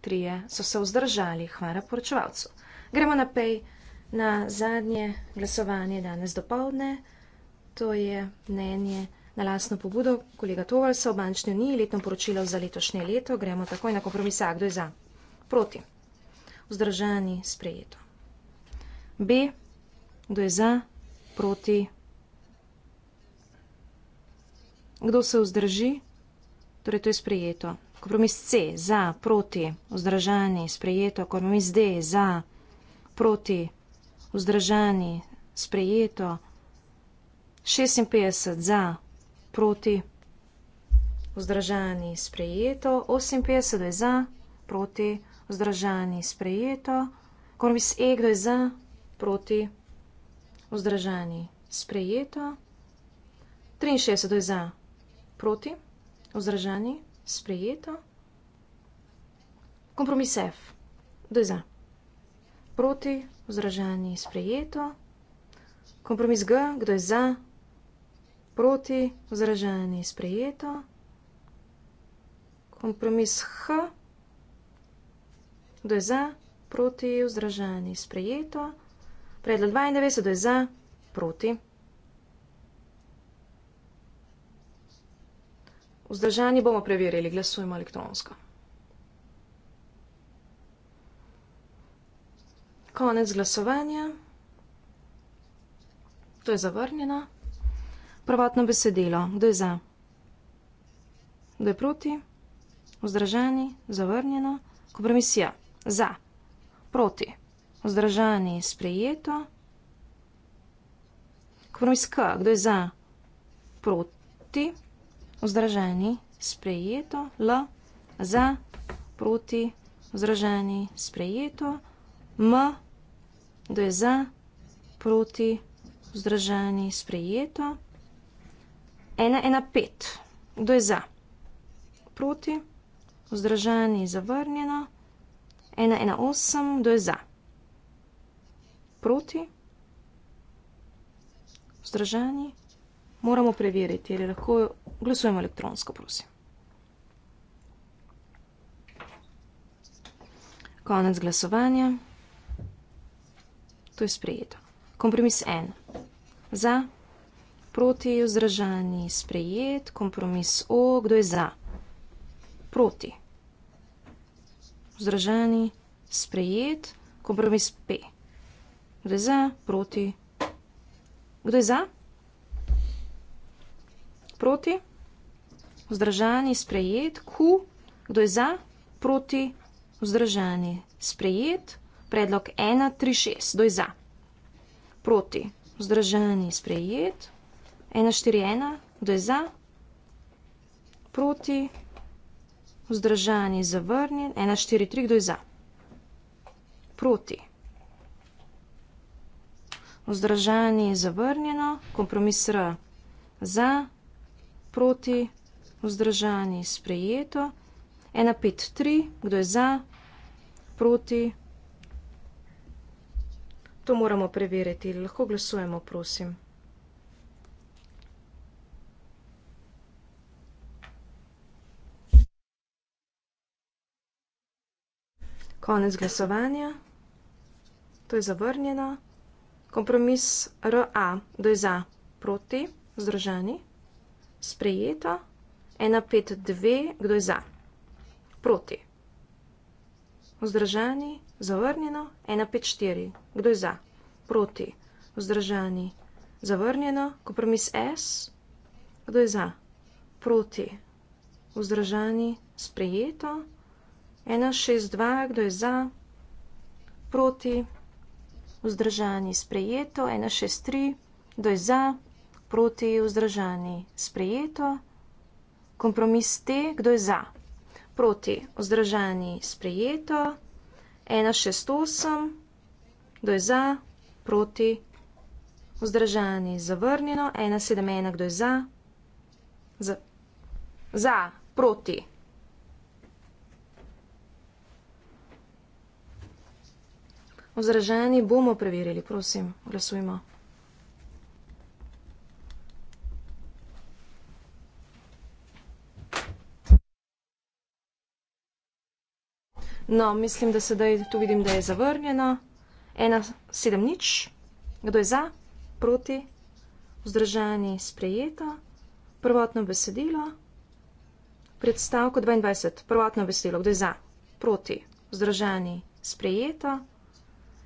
3 so se vzdržali. Hvala poročevalcu. Gremo naprej na zadnje glasovanje danes do povdne. To je mnenje na lastno pobudo kolega Tovalsa v bančni uniji, letno poročilo za letošnje leto. Gremo takoj na kompromisa. Kdo je za? Proti. Vzdržani sprejeto. B. Kdo je za? Proti. Kdo se vzdrži? Torej, to je sprejeto. Kompromis C. Za, proti, vzdržani, sprejeto. Kompromis D. Za, proti, vzdržani, sprejeto. 56 za, proti, vzdržani, sprejeto, 58 je za, proti, vzdržani, sprejeto, korvis E, kdo je za, proti, vzdržani, sprejeto, 63 je za, proti, vzdržani, sprejeto, kompromis F, kdo je za, proti, vzdržani, sprejeto, kompromis G, kdo je za, proti, proti, vzraženi sprejeto. Kompromis H, kdo je za, proti, vzraženi sprejeto. Predlog 92, kdo je za, proti. Vzdržani bomo preverili, glasujemo elektronsko. Konec glasovanja. To je zavrnjeno prvotno besedilo. Kdo je za? Kdo je proti? Vzdržani? Zavrnjeno? Kompromisija. Za. Proti. Vzdržani? Sprejeto. Kompromis K. Kdo je za? Proti. Vzdržani? Sprejeto. L. Za. Proti. Vzdržani? Sprejeto. M. Kdo je za? Proti. Vzdržani? Sprejeto. Vzdržani? Sprejeto ena, ena, pet. Kdo je za? Proti, vzdržani, zavrnjeno. Ena, ena, osem. Kdo je za? Proti, vzdržani. Moramo preveriti, ali lahko glasujemo elektronsko, prosim. Konec glasovanja. To je sprejeto. Kompromis en. Za proti, vzdržani, sprejet, kompromis O, kdo je za? Proti. Vzdržani, sprejet, kompromis P. Kdo je za? Proti. Kdo je za? Proti. Vzdržani, sprejet, Q. Kdo je za? Proti. Vzdržani, sprejet, predlog 1, 3, 6. Kdo je za? Proti. Vzdržani, sprejet, ena, štiri, ena, kdo je za, proti, vzdržani, zavrnjen, ena, štiri, tri, kdo je za, proti, vzdržani, zavrnjeno, kompromis R, za, proti, vzdržani, sprejeto, ena, pet, tri, kdo je za, proti, To moramo preveriti. Lahko glasujemo, prosim. Konec glasovanja. To je zavrnjeno. Kompromis RA, kdo je za, proti, zdržani, sprejeto. 1,5,2, kdo je za, proti, vzdržani, zavrnjeno. 1,5,4, kdo je za, proti, vzdržani, zavrnjeno. Kompromis S, kdo je za, proti, vzdržani, sprejeto. 1,5,2, kdo je za, proti, vzdržani, sprejeto. 162, kdo je za, proti, vzdržani, sprejeto. 163, kdo je za, proti, vzdržani, sprejeto. Kompromis T, kdo je za, proti, vzdržani, sprejeto. 168, kdo je za, proti, vzdržani, zavrnjeno. 171, kdo je za, za, proti, vzdržani. Vzraženi bomo preverili, prosim, glasujmo. No, mislim, da sedaj tu vidim, da je zavrnjena. Ena, sedem nič. Kdo je za? Proti? Vzdržani sprejeta. Prvotno besedilo. Predstavko 22. Prvotno besedilo. Kdo je za? Proti? Vzdržani sprejeta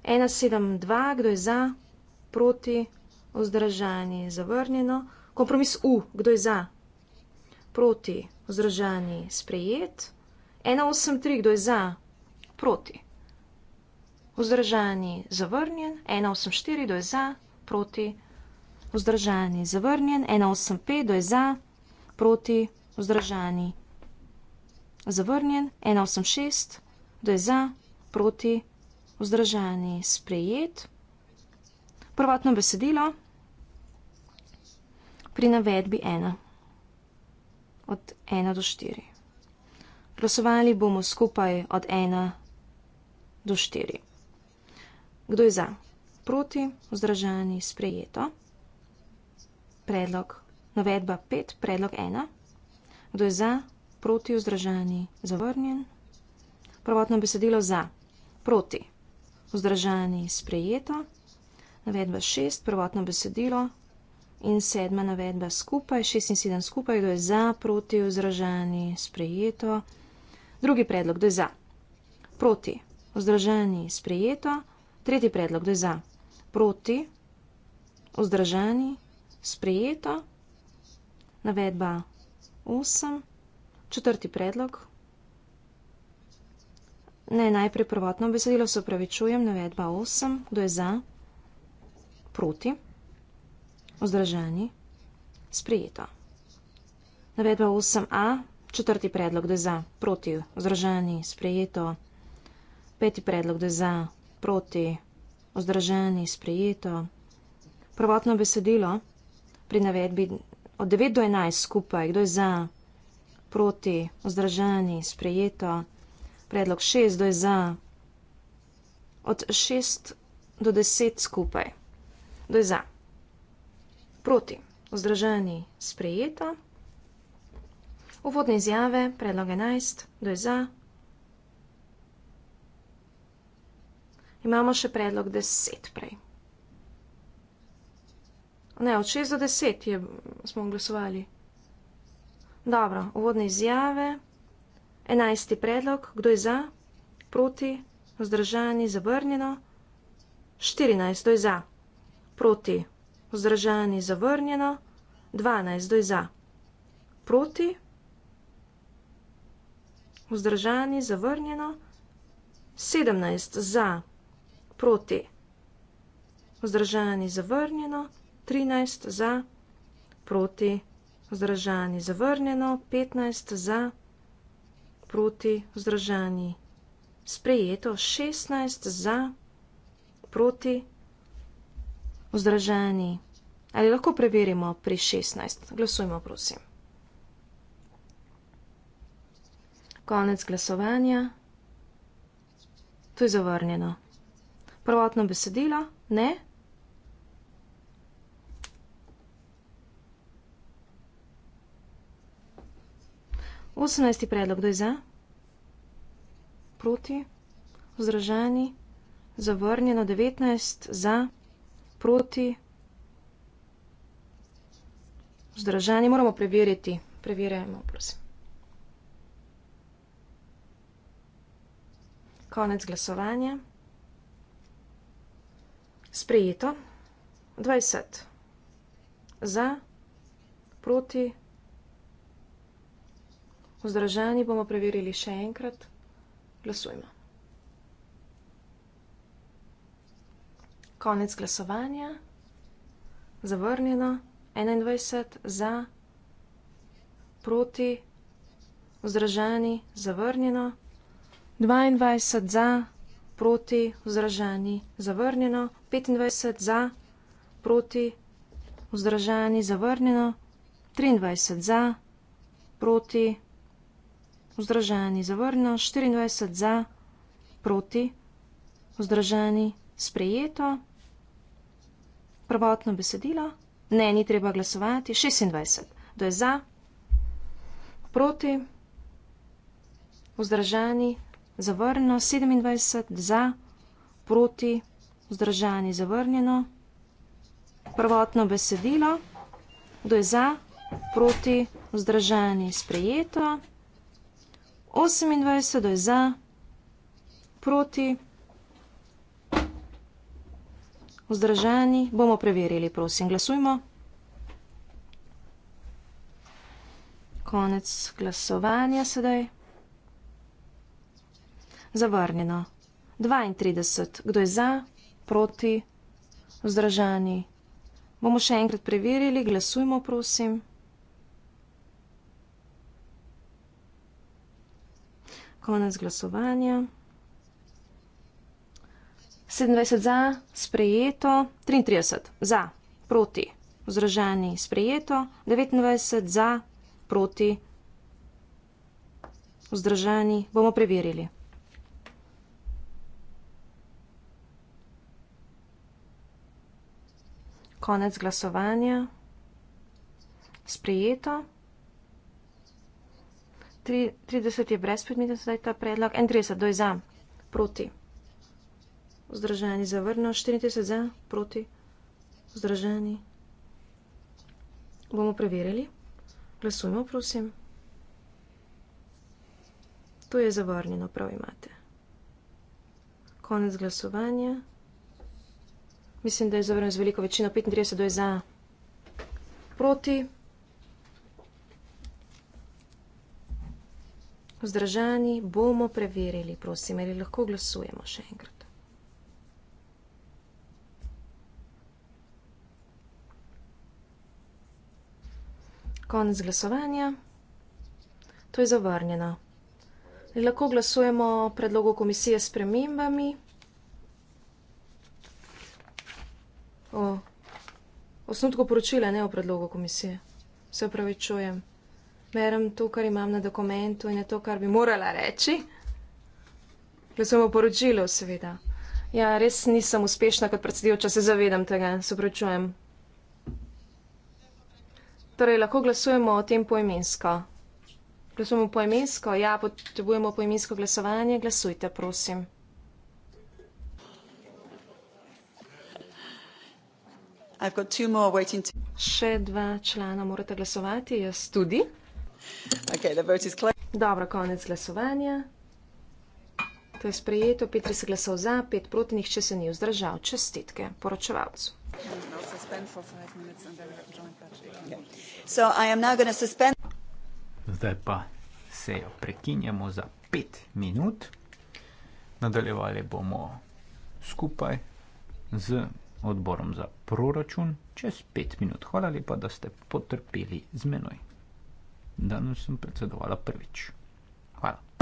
ena sedem dva, kdo je za, proti, vzdržani, zavrnjeno. Kompromis U, kdo je za, proti, vzdržani, sprejet. ena osem tri, kdo je za, proti, vzdržani, zavrnjen. ena osem štiri, kdo je za, proti, vzdržani, zavrnjen. ena osem pet, kdo je za, proti, vzdržani, zavrnjen. ena osem šest, kdo je za, proti, vzdržani vzdržani, sprejet. Prvotno besedilo pri navedbi 1 od 1 do 4. Glasovali bomo skupaj od 1 do 4. Kdo je za? Proti, vzdržani, sprejeto. Predlog navedba 5, predlog 1. Kdo je za? Proti, vzdržani, zavrnjen. Prvotno besedilo za. Proti vzdržani sprejeto, navedba šest, prvotno besedilo in sedma navedba skupaj, šest in sedem skupaj, kdo je za, proti, vzdržani sprejeto. Drugi predlog, kdo je za, proti, vzdržani sprejeto. Tretji predlog, kdo je za, proti, vzdržani sprejeto. Navedba osem, četrti predlog, Ne, najprej prvotno besedilo se upravičujem, navedba 8. Kdo je za? Proti? Ozdraženi? Sprijeto. Navedba 8a, četrti predlog, kdo je za? Proti? Ozdraženi? Sprijeto. Peti predlog, kdo je za? Proti? Ozdraženi? Sprijeto. Prvotno besedilo pri navedbi od 9 do 11 skupaj, kdo je za? Proti? Ozdraženi? Sprijeto. Sprijeto predlog 6, kdo je za, od 6 do 10 skupaj, kdo je za, proti, vzdržani, sprejeto. Uvodne izjave, predlog 11, kdo je za. Imamo še predlog 10 prej. Ne, od 6 do 10 je, smo glasovali. Dobro, uvodne izjave. Enajsti predlog, kdo je za, proti, vzdržani, zavrnjeno. Štirinajst, kdo je za, proti, vzdržani, zavrnjeno. Dvanajst, kdo je za, proti, vzdržani, zavrnjeno. Sedemnajst, za, proti, vzdržani, zavrnjeno. Trinajst, za, proti, vzdržani, zavrnjeno. Petnajst, za, proti proti vzdržani. Sprejeto 16 za proti vzdržani. Ali lahko preverimo pri 16? Glasujmo, prosim. Konec glasovanja. To je zavrnjeno. Prvotno besedilo? Ne. 18. predlog, kdo je za? Proti? Vzdržani? Zavrnjeno 19. Za? Proti? Vzdržani? Moramo preveriti. Preverjajmo, prosim. Konec glasovanja. Sprejeto. 20. Za? Proti? Vzdržani? Vzdržani bomo preverili še enkrat. Glasujmo. Konec glasovanja. Zavrnjeno. 21 za, proti, vzdržani, zavrnjeno. 22 za, proti, vzdržani, zavrnjeno. 25 za, proti, vzdržani, zavrnjeno. 23 za, proti, vzdržani vzdržani zavrnjeno, 24 za, proti, vzdržani sprejeto, prvotno besedilo, ne, ni treba glasovati, 26, to je za, proti, vzdržani zavrnjeno, 27 za, proti, vzdržani zavrnjeno, prvotno besedilo, to je za, proti, vzdržani sprejeto, 28 je za, proti, vzdržani. Bomo preverili, prosim, glasujmo. Konec glasovanja sedaj. Zavrnjeno. 32. Kdo je za, proti, vzdržani? Bomo še enkrat preverili, glasujmo, prosim. Konec glasovanja. 27 za, sprejeto, 33 za, proti, vzdržani, sprejeto, 29 za, proti, vzdržani, bomo preverili. Konec glasovanja, sprejeto tri, 30 je brezpredmeten, zdaj ta predlog, 31 do je za, proti. Vzdržani zavrno, 34 za, proti. Vzdržani. Bomo preverili. Glasujmo, prosim. To je zavrnjeno, prav imate. Konec glasovanja. Mislim, da je zavrnjeno z veliko večino, 35 do je za, proti. Vzdržani bomo preverili, prosim, ali lahko glasujemo še enkrat. Konec glasovanja. To je zavrnjeno. Lahko glasujemo o predlogu komisije s premembami. O osnutku poročila, ne o predlogu komisije. Se opravičujem berem to, kar imam na dokumentu in je to, kar bi morala reči. Glasujemo poročilo, seveda. Ja, res nisem uspešna kot predsedujoča, se zavedam tega, se pravčujem. Torej, lahko glasujemo o tem poimensko. Glasujemo poimensko, ja, potrebujemo poimensko glasovanje, glasujte, prosim. To... Še dva člana morate glasovati, jaz tudi. Dobro, konec glasovanja. To je sprejeto, 35 glasov za, 5 proti, nihče se ni vzdržal. Čestitke poročevalcu. Zdaj pa se jo prekinjamo za 5 minut. Nadaljevali bomo skupaj z odborom za proračun čez 5 minut. Hvala lepa, da ste potrpeli z menoj. Danes sem predsedovala prvič. Hvala.